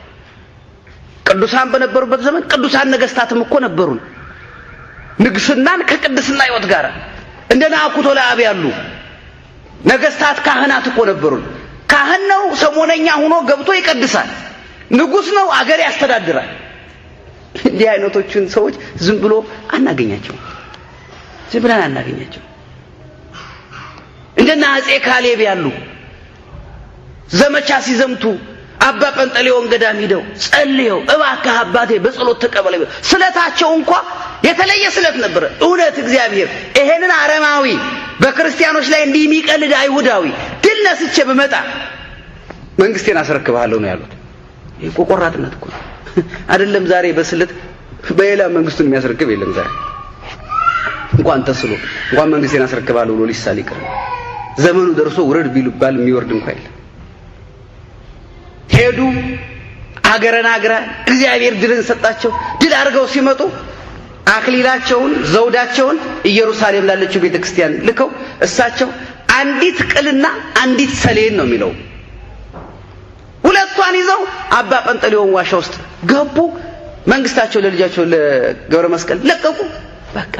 ቅዱሳን በነበሩበት ዘመን ቅዱሳን ነገስታትም እኮ ነበሩን። ንግስናን ከቅድስና ህይወት ጋር እንደ ናኩቶ ለአብ ያሉ ነገስታት ካህናት እኮ ነበሩን። ካህን ነው ሰሞነኛ ሆኖ ገብቶ ይቀድሳል። ንጉስ ነው አገር ያስተዳድራል። እንዲህ አይነቶቹን ሰዎች ዝም ብሎ አናገኛቸው ዝም ብለን አናገኛቸው እንደና አጼ ካሌብ ያሉ ዘመቻ ሲዘምቱ አባ ጰንጠሌዎን ገዳም ሂደው ጸልየው እባክህ አባቴ በጸሎት ተቀበለ ስለታቸው እንኳ የተለየ ስለት ነበረ እውነት እግዚአብሔር ይሄንን አረማዊ በክርስቲያኖች ላይ እንዲህ የሚቀልድ አይሁዳዊ ድል ነስቼ ብመጣ መንግስቴን አስረክብሃለሁ ነው ያሉት ይህ እኮ ነው አይደለም ዛሬ በስለት በሌላ መንግስቱን የሚያስረክብ የለም ዛሬ እንኳን ተስሎ እንኳን መንግስቴን አስረክባለሁ ብሎ ሊሳል ይቅር ዘመኑ ደርሶ ውረድ ቢሉባል የሚወርድ እንኳ የለም ሄዱ አገረን አግራ እግዚአብሔር ድልን ሰጣቸው ድል አድርገው ሲመጡ አክሊላቸውን ዘውዳቸውን ኢየሩሳሌም ላለችው ቤተክርስቲያን ልከው እሳቸው አንዲት ቅልና አንዲት ሰሌን ነው የሚለው እሷን ይዘው አባ ጰንጠሌዎን ዋሻ ውስጥ ገቡ። መንግስታቸው ለልጃቸው ለገብረ መስቀል ለቀቁ። በቃ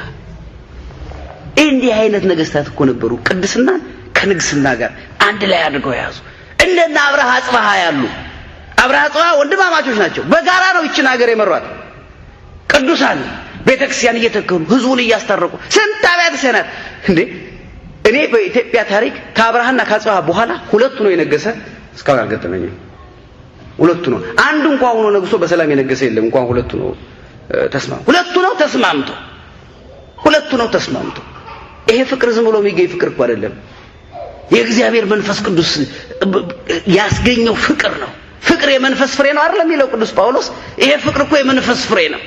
እንዲህ አይነት ነገስታት እኮ ነበሩ። ቅድስናን ከንግስና ጋር አንድ ላይ አድርገው የያዙ እንደና አብርሃ አጽብሃ ያሉ። አብርሃ አጽብሃ ወንድማማቾች ናቸው። በጋራ ነው ይችን ሀገር የመሯት። ቅዱሳን ቤተክርስቲያን እየተከሉ ህዝቡን እያስታረቁ ስንት አብያተ ክርስቲያናት እንዴ! እኔ በኢትዮጵያ ታሪክ ከአብርሃና ከአጽብሃ በኋላ ሁለቱ ነው የነገሰ እስካሁን አልገጠመኝም። ሁለቱ ነው። አንዱ እንኳን ሆኖ ነግሶ በሰላም የነገሰ የለም። እንኳን ሁለቱ ነው ተስማምቶ ሁለቱ ነው ተስማምቶ ሁለቱ ነው ተስማምቶ። ይሄ ፍቅር ዝም ብሎ የሚገኝ ፍቅር እኮ አይደለም። የእግዚአብሔር መንፈስ ቅዱስ ያስገኘው ፍቅር ነው። ፍቅር የመንፈስ ፍሬ ነው አይደለም የሚለው ቅዱስ ጳውሎስ። ይሄ ፍቅር እኮ የመንፈስ ፍሬ ነው።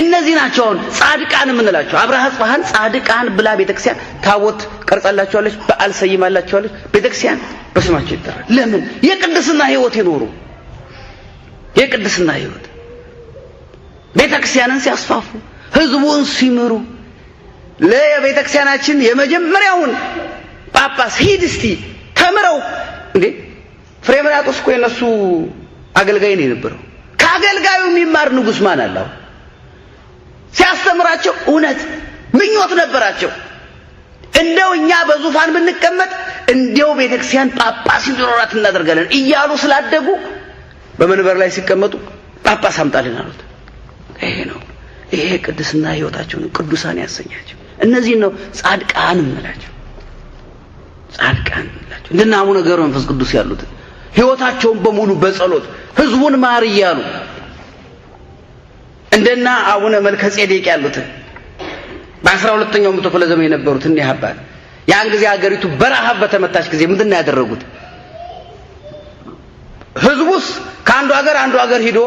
እነዚህ ናቸው አሁን ጻድቃን የምንላቸው። አብርሃ ጽባሃን ጻድቃን ብላ ቤተክርስቲያን ታቦት ቀርጻላቸዋለች፣ በዓል ሰይማላቸዋለች። ቤተክርስቲያን በስማቸው ይጠራል። ለምን? የቅድስና ህይወት ይኖሩ። የቅድስና ህይወት ቤተክርስቲያንን ሲያስፋፉ፣ ህዝቡን ሲምሩ። ለቤተክርስቲያናችን የመጀመሪያውን ጳጳስ ሂድ እስቲ ተምረው እንዴ ፍሬምናጦስ እኮ የነሱ አገልጋይ ነው የነበረው። ከአገልጋዩ የሚማር ንጉስ ማን አለው? ሲያስተምራቸው እውነት ምኞት ነበራቸው። እንደው እኛ በዙፋን ብንቀመጥ እንደው ቤተክርስቲያን ጳጳስ እንዲኖራት እናደርጋለን እያሉ ስላደጉ በመንበር ላይ ሲቀመጡ ጳጳስ አምጣልን አሉት። ይሄ ነው ይሄ ቅድስና ህይወታቸው ነው ቅዱሳን ያሰኛቸው። እነዚህን ነው ጻድቃን እንላቸው። ጻድቃን እንላቸው እንድናሙ ነገር መንፈስ ቅዱስ ያሉትን ህይወታቸውን በሙሉ በጸሎት ህዝቡን ማር እያሉ እንደና አቡነ መልከጼዴቅ ያሉትን በአስራ ሁለተኛው መቶ ክፍለ ዘመን የነበሩት እኒህ አባት ያን ጊዜ ሀገሪቱ በረሃብ በተመታች ጊዜ ምንድን ነው ያደረጉት? ህዝቡስ ከአንዱ ሀገር አንዱ ሀገር ሂዶ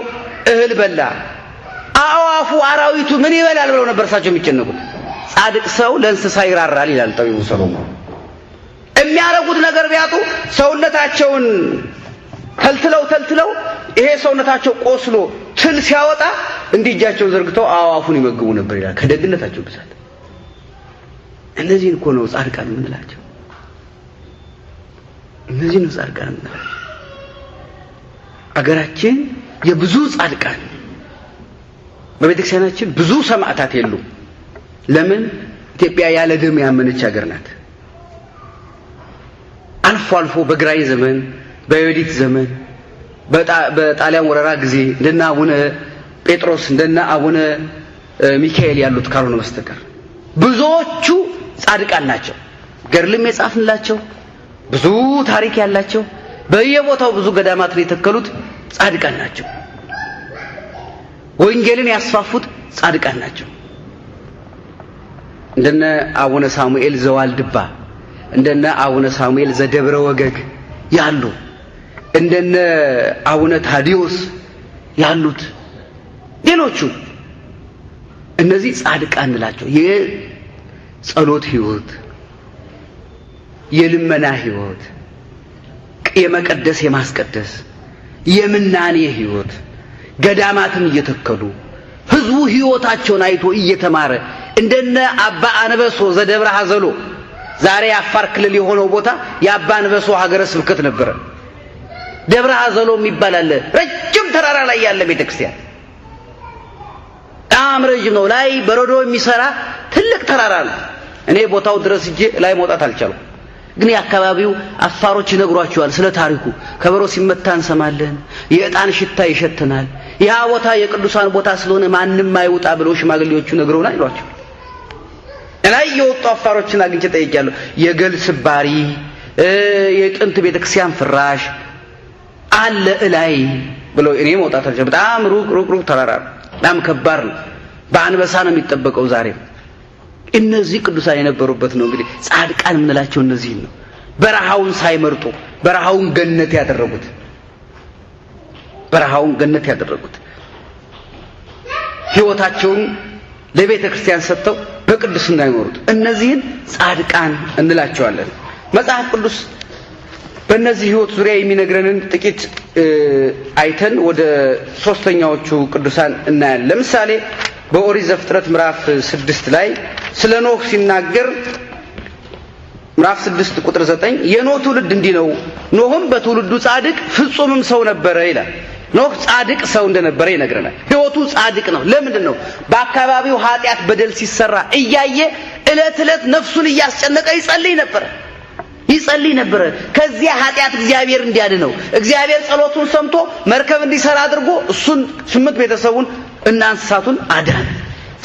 እህል በላ፣ አእዋፉ አራዊቱ ምን ይበላል ብለው ነበር እሳቸው የሚጨነቁት። ጻድቅ ሰው ለእንስሳ ይራራል ይላል ጠቢቡ ሰሎሞን። የሚያረጉት ነገር ቢያጡ ሰውነታቸውን ተልትለው ተልትለው ይሄ ሰውነታቸው ቆስሎ ትል ሲያወጣ እንዲህ እጃቸውን ዘርግተው አዋፉን ይመግቡ ነበር ይላል። ከደግነታቸው ብዛት እነዚህን እኮ ነው ጻድቃን የምንላቸው። እነዚህ ነው ጻድቃን የምንላቸው። አገራችን የብዙ ጻድቃን በቤተክርስቲያናችን ብዙ ሰማዕታት የሉ ለምን? ኢትዮጵያ ያለ ደም ያመነች ሀገር ናት። አልፎ አልፎ በግራኝ ዘመን በዮዲት ዘመን በጣሊያን ወረራ ጊዜ እንደነ አቡነ ጴጥሮስ እንደና አቡነ ሚካኤል ያሉት ካልሆነ በስተቀር ብዙዎቹ ጻድቃን ናቸው። ገድልም የጻፍንላቸው ብዙ ታሪክ ያላቸው በየቦታው ብዙ ገዳማትን የተከሉት ጻድቃን ናቸው። ወንጌልን ያስፋፉት ጻድቃን ናቸው። እንደነ አቡነ ሳሙኤል ዘዋልድባ እንደነ አቡነ ሳሙኤል ዘደብረ ወገግ ያሉ እንደነ አቡነ ታዲዮስ ያሉት ሌሎቹ እነዚህ ጻድቃን እንላቸው። የጸሎት ህይወት፣ የልመና ህይወት፣ የመቀደስ የማስቀደስ የምናኔ ህይወት ገዳማትን እየተከሉ ህዝቡ ህይወታቸውን አይቶ እየተማረ እንደነ አባ አንበሶ ዘደብረ ሐዘሎ ዛሬ የአፋር ክልል የሆነው ቦታ የአባ አንበሶ ሀገረ ስብከት ነበረ። ደብረ አዘሎ የሚባል አለ። ረጅም ተራራ ላይ ያለ ቤተክርስቲያን በጣም ረጅም ነው። ላይ በረዶ የሚሰራ ትልቅ ተራራ ነው። እኔ ቦታው ድረስ እጄ ላይ መውጣት አልቻልኩም። ግን የአካባቢው አፋሮች ይነግሯቸዋል ስለ ታሪኩ። ከበሮ ሲመታ እንሰማለን፣ የዕጣን ሽታ ይሸትናል። ያ ቦታ የቅዱሳን ቦታ ስለሆነ ማንም አይውጣ ብለው ሽማግሌዎቹ ነግረውና ይሏቸው ላይ የወጡ አፋሮችን አግኝቼ ጠይቄያለሁ። የገል ስባሪ፣ የጥንት ቤተክርስቲያን ፍራሽ አለ እላይ ብለው እኔ መውጣት አልቻልኩም። በጣም ሩቅ ሩቅ ሩቅ ተራራ በጣም ከባድ ነው። በአንበሳ ነው የሚጠበቀው ዛሬ እነዚህ ቅዱሳን የነበሩበት ነው። እንግዲህ ጻድቃን የምንላቸው እነዚህን ነው። በረሃውን ሳይመርጡ በረሃውን ገነት ያደረጉት በረሃውን ገነት ያደረጉት ህይወታቸውን ለቤተ ክርስቲያን ሰጥተው በቅዱስ ይኖሩት እነዚህን ጻድቃን እንላቸዋለን። መጽሐፍ ቅዱስ በእነዚህ ህይወት ዙሪያ የሚነግረንን ጥቂት አይተን ወደ ሶስተኛዎቹ ቅዱሳን እናያለን። ለምሳሌ በኦሪት ዘፍጥረት ምዕራፍ ስድስት ላይ ስለ ኖህ ሲናገር ምዕራፍ ስድስት ቁጥር ዘጠኝ የኖህ ትውልድ እንዲህ ነው፣ ኖህም በትውልዱ ጻድቅ ፍጹምም ሰው ነበረ ይላል። ኖህ ጻድቅ ሰው እንደነበረ ይነግረናል። ህይወቱ ጻድቅ ነው። ለምንድን ነው? በአካባቢው ኃጢአት፣ በደል ሲሰራ እያየ እለት እለት ነፍሱን እያስጨነቀ ይጸልይ ነበር። ይጸልይ ነበረ። ከዚያ ኃጢአት እግዚአብሔር እንዲያድነው እግዚአብሔር ጸሎቱን ሰምቶ መርከብ እንዲሰራ አድርጎ እሱን ስምንት ቤተሰቡን እና እንስሳቱን አዳነ።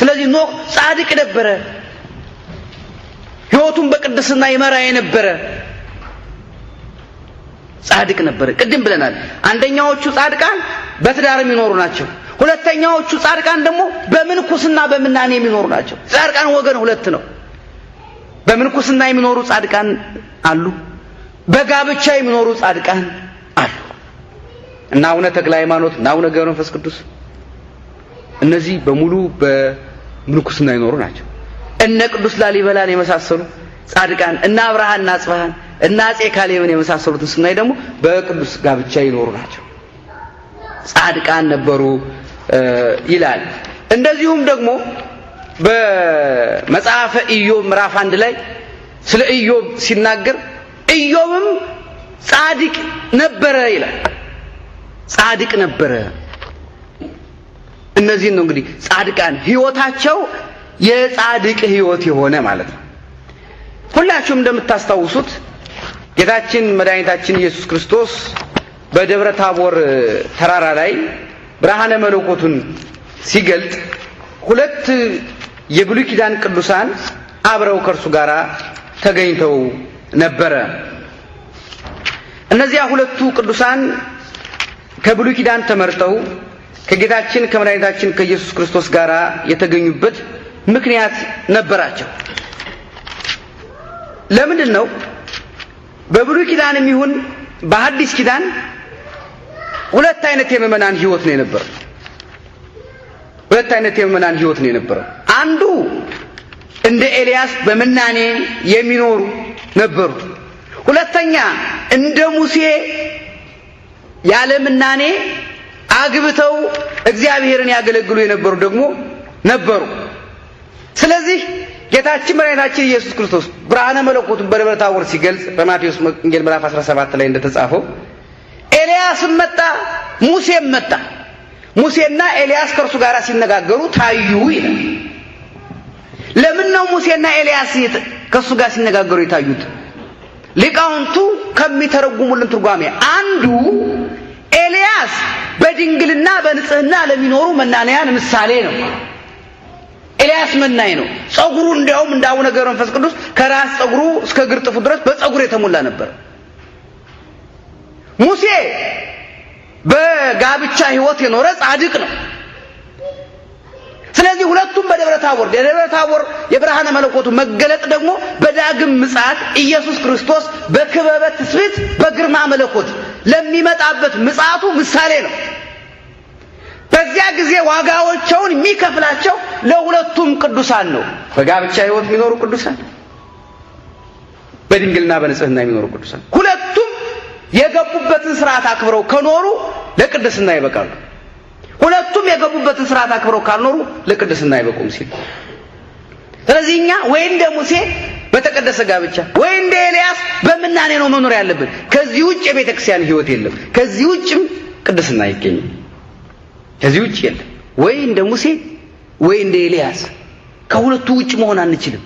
ስለዚህ ኖህ ጻድቅ ነበረ። ህይወቱን በቅድስና ይመራ የነበረ ጻድቅ ነበረ። ቅድም ብለናል። አንደኛዎቹ ጻድቃን በትዳር የሚኖሩ ናቸው። ሁለተኛዎቹ ጻድቃን ደግሞ በምንኩስና በምናኔ የሚኖሩ ናቸው። ጻድቃን ወገን ሁለት ነው። በምንኩስና የሚኖሩ ጻድቃን አሉ። በጋብቻ የሚኖሩ ጻድቃን አሉ። እና አቡነ ተክለ ሃይማኖት እና አቡነ ገብረ መንፈስ ቅዱስ እነዚህ በሙሉ በምንኩስና ይኖሩ ናቸው። እነ ቅዱስ ላሊበላን የመሳሰሉ ጻድቃን እና እና አጽብሃን እና አጼ ካሌብን የመሳሰሉትን ስናይ ደግሞ በቅዱስ ጋብቻ ይኖሩ ናቸው። ጻድቃን ነበሩ ይላል። እንደዚሁም ደግሞ በመጽሐፈ ኢዮብ ምዕራፍ አንድ ላይ ስለ ኢዮብ ሲናገር ኢዮብም ጻድቅ ነበረ ይላል። ጻድቅ ነበረ። እነዚህን ነው እንግዲህ ጻድቃን ህይወታቸው የጻድቅ ህይወት የሆነ ማለት ነው። ሁላችሁም እንደምታስታውሱት ጌታችን መድኃኒታችን ኢየሱስ ክርስቶስ በደብረ ታቦር ተራራ ላይ ብርሃነ መለኮቱን ሲገልጥ ሁለት የብሉይ ኪዳን ቅዱሳን አብረው ከእርሱ ጋር ተገኝተው ነበረ። እነዚያ ሁለቱ ቅዱሳን ከብሉይ ኪዳን ተመርጠው ከጌታችን ከመድኃኒታችን ከኢየሱስ ክርስቶስ ጋር የተገኙበት ምክንያት ነበራቸው። ለምንድን ነው? በብሉይ ኪዳንም ይሁን በሐዲስ ኪዳን ሁለት አይነት የምእመናን ህይወት ነው የነበረው። ሁለት አይነት የምዕመናን ህይወት ነው የነበረው። አንዱ እንደ ኤልያስ በምናኔ የሚኖሩ ነበሩ። ሁለተኛ እንደ ሙሴ ያለ ምናኔ አግብተው እግዚአብሔርን ያገለግሉ የነበሩ ደግሞ ነበሩ። ስለዚህ ጌታችን መድኃኒታችን ኢየሱስ ክርስቶስ ብርሃነ መለኮቱን በደብረ ታቦር ሲገልጽ በማቴዎስ ወንጌል ምዕራፍ 17 ላይ እንደተጻፈው ኤልያስም መጣ፣ ሙሴም መጣ ሙሴና ኤልያስ ከእርሱ ጋር ሲነጋገሩ ታዩ ይላል። ለምን ነው ሙሴና ኤልያስ ከእሱ ጋር ሲነጋገሩ የታዩት? ሊቃውንቱ ከሚተረጉሙልን ትርጓሜ አንዱ ኤልያስ በድንግልና በንጽህና ለሚኖሩ መናንያን ምሳሌ ነው። ኤልያስ መናኝ ነው። ጸጉሩ እንዲያውም እንደ አቡነ ገብረ መንፈስ ቅዱስ ከራስ ጸጉሩ እስከ እግር ጥፍሩ ድረስ በጸጉር የተሞላ ነበር። ሙሴ በጋብቻ ህይወት የኖረ ጻድቅ ነው። ስለዚህ ሁለቱም በደብረ ታቦር የደብረ ታቦር የብርሃነ መለኮቱ መገለጥ ደግሞ በዳግም ምጽአት ኢየሱስ ክርስቶስ በክበበ ትስብእት በግርማ መለኮት ለሚመጣበት ምጽአቱ ምሳሌ ነው። በዚያ ጊዜ ዋጋዎቸውን የሚከፍላቸው ለሁለቱም ቅዱሳን ነው። በጋብቻ ህይወት የሚኖሩ ቅዱሳን፣ በድንግልና በንጽህና የሚኖሩ ቅዱሳን ሁለቱ የገቡበትን ስርዓት አክብረው ከኖሩ ለቅድስና ይበቃሉ። ሁለቱም የገቡበትን ስርዓት አክብረው ካልኖሩ ለቅድስና አይበቁም ሲል ስለዚህ እኛ ወይ እንደ ሙሴ በተቀደሰ ጋብቻ ወይ እንደ ኤልያስ በምናኔ ነው መኖር ያለብን። ከዚህ ውጭ የቤተ ክርስቲያን ህይወት የለም። ከዚህ ውጭም ቅድስና አይገኝም። ከዚህ ውጭ የለም። ወይ እንደ ሙሴ ወይ እንደ ኤልያስ ከሁለቱ ውጭ መሆን አንችልም።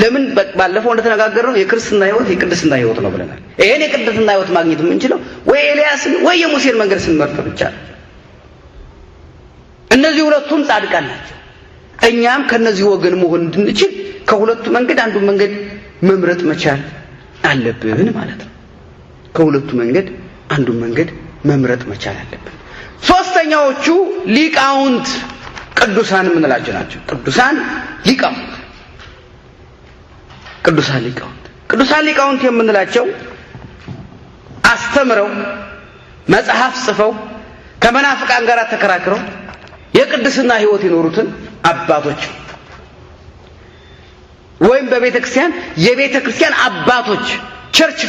ለምን ባለፈው እንደተነጋገርነው የክርስትና ህይወት የቅድስና ህይወት ነው ብለናል። ይሄን የቅድስና ህይወት ማግኘት የምንችለው ወይ ኤልያስን ወይ የሙሴን መንገድ ስንመርጥ ብቻ ነው። እነዚህ ሁለቱም ጻድቃን ናቸው። እኛም ከነዚህ ወገን መሆን እንድንችል ከሁለቱ መንገድ አንዱ መንገድ መምረጥ መቻል አለብን ማለት ነው። ከሁለቱ መንገድ አንዱ መንገድ መምረጥ መቻል አለብን። ሶስተኛዎቹ ሊቃውንት ቅዱሳን የምንላቸው ናቸው። ቅዱሳን ሊቃውንት ቅዱሳን ሊቃውንት ቅዱሳን ሊቃውንት የምንላቸው አስተምረው መጽሐፍ ጽፈው ከመናፍቃን ጋር ተከራክረው የቅድስና ህይወት የኖሩትን አባቶች ወይም በቤተ ክርስቲያን የቤተ ክርስቲያን አባቶች ቸርች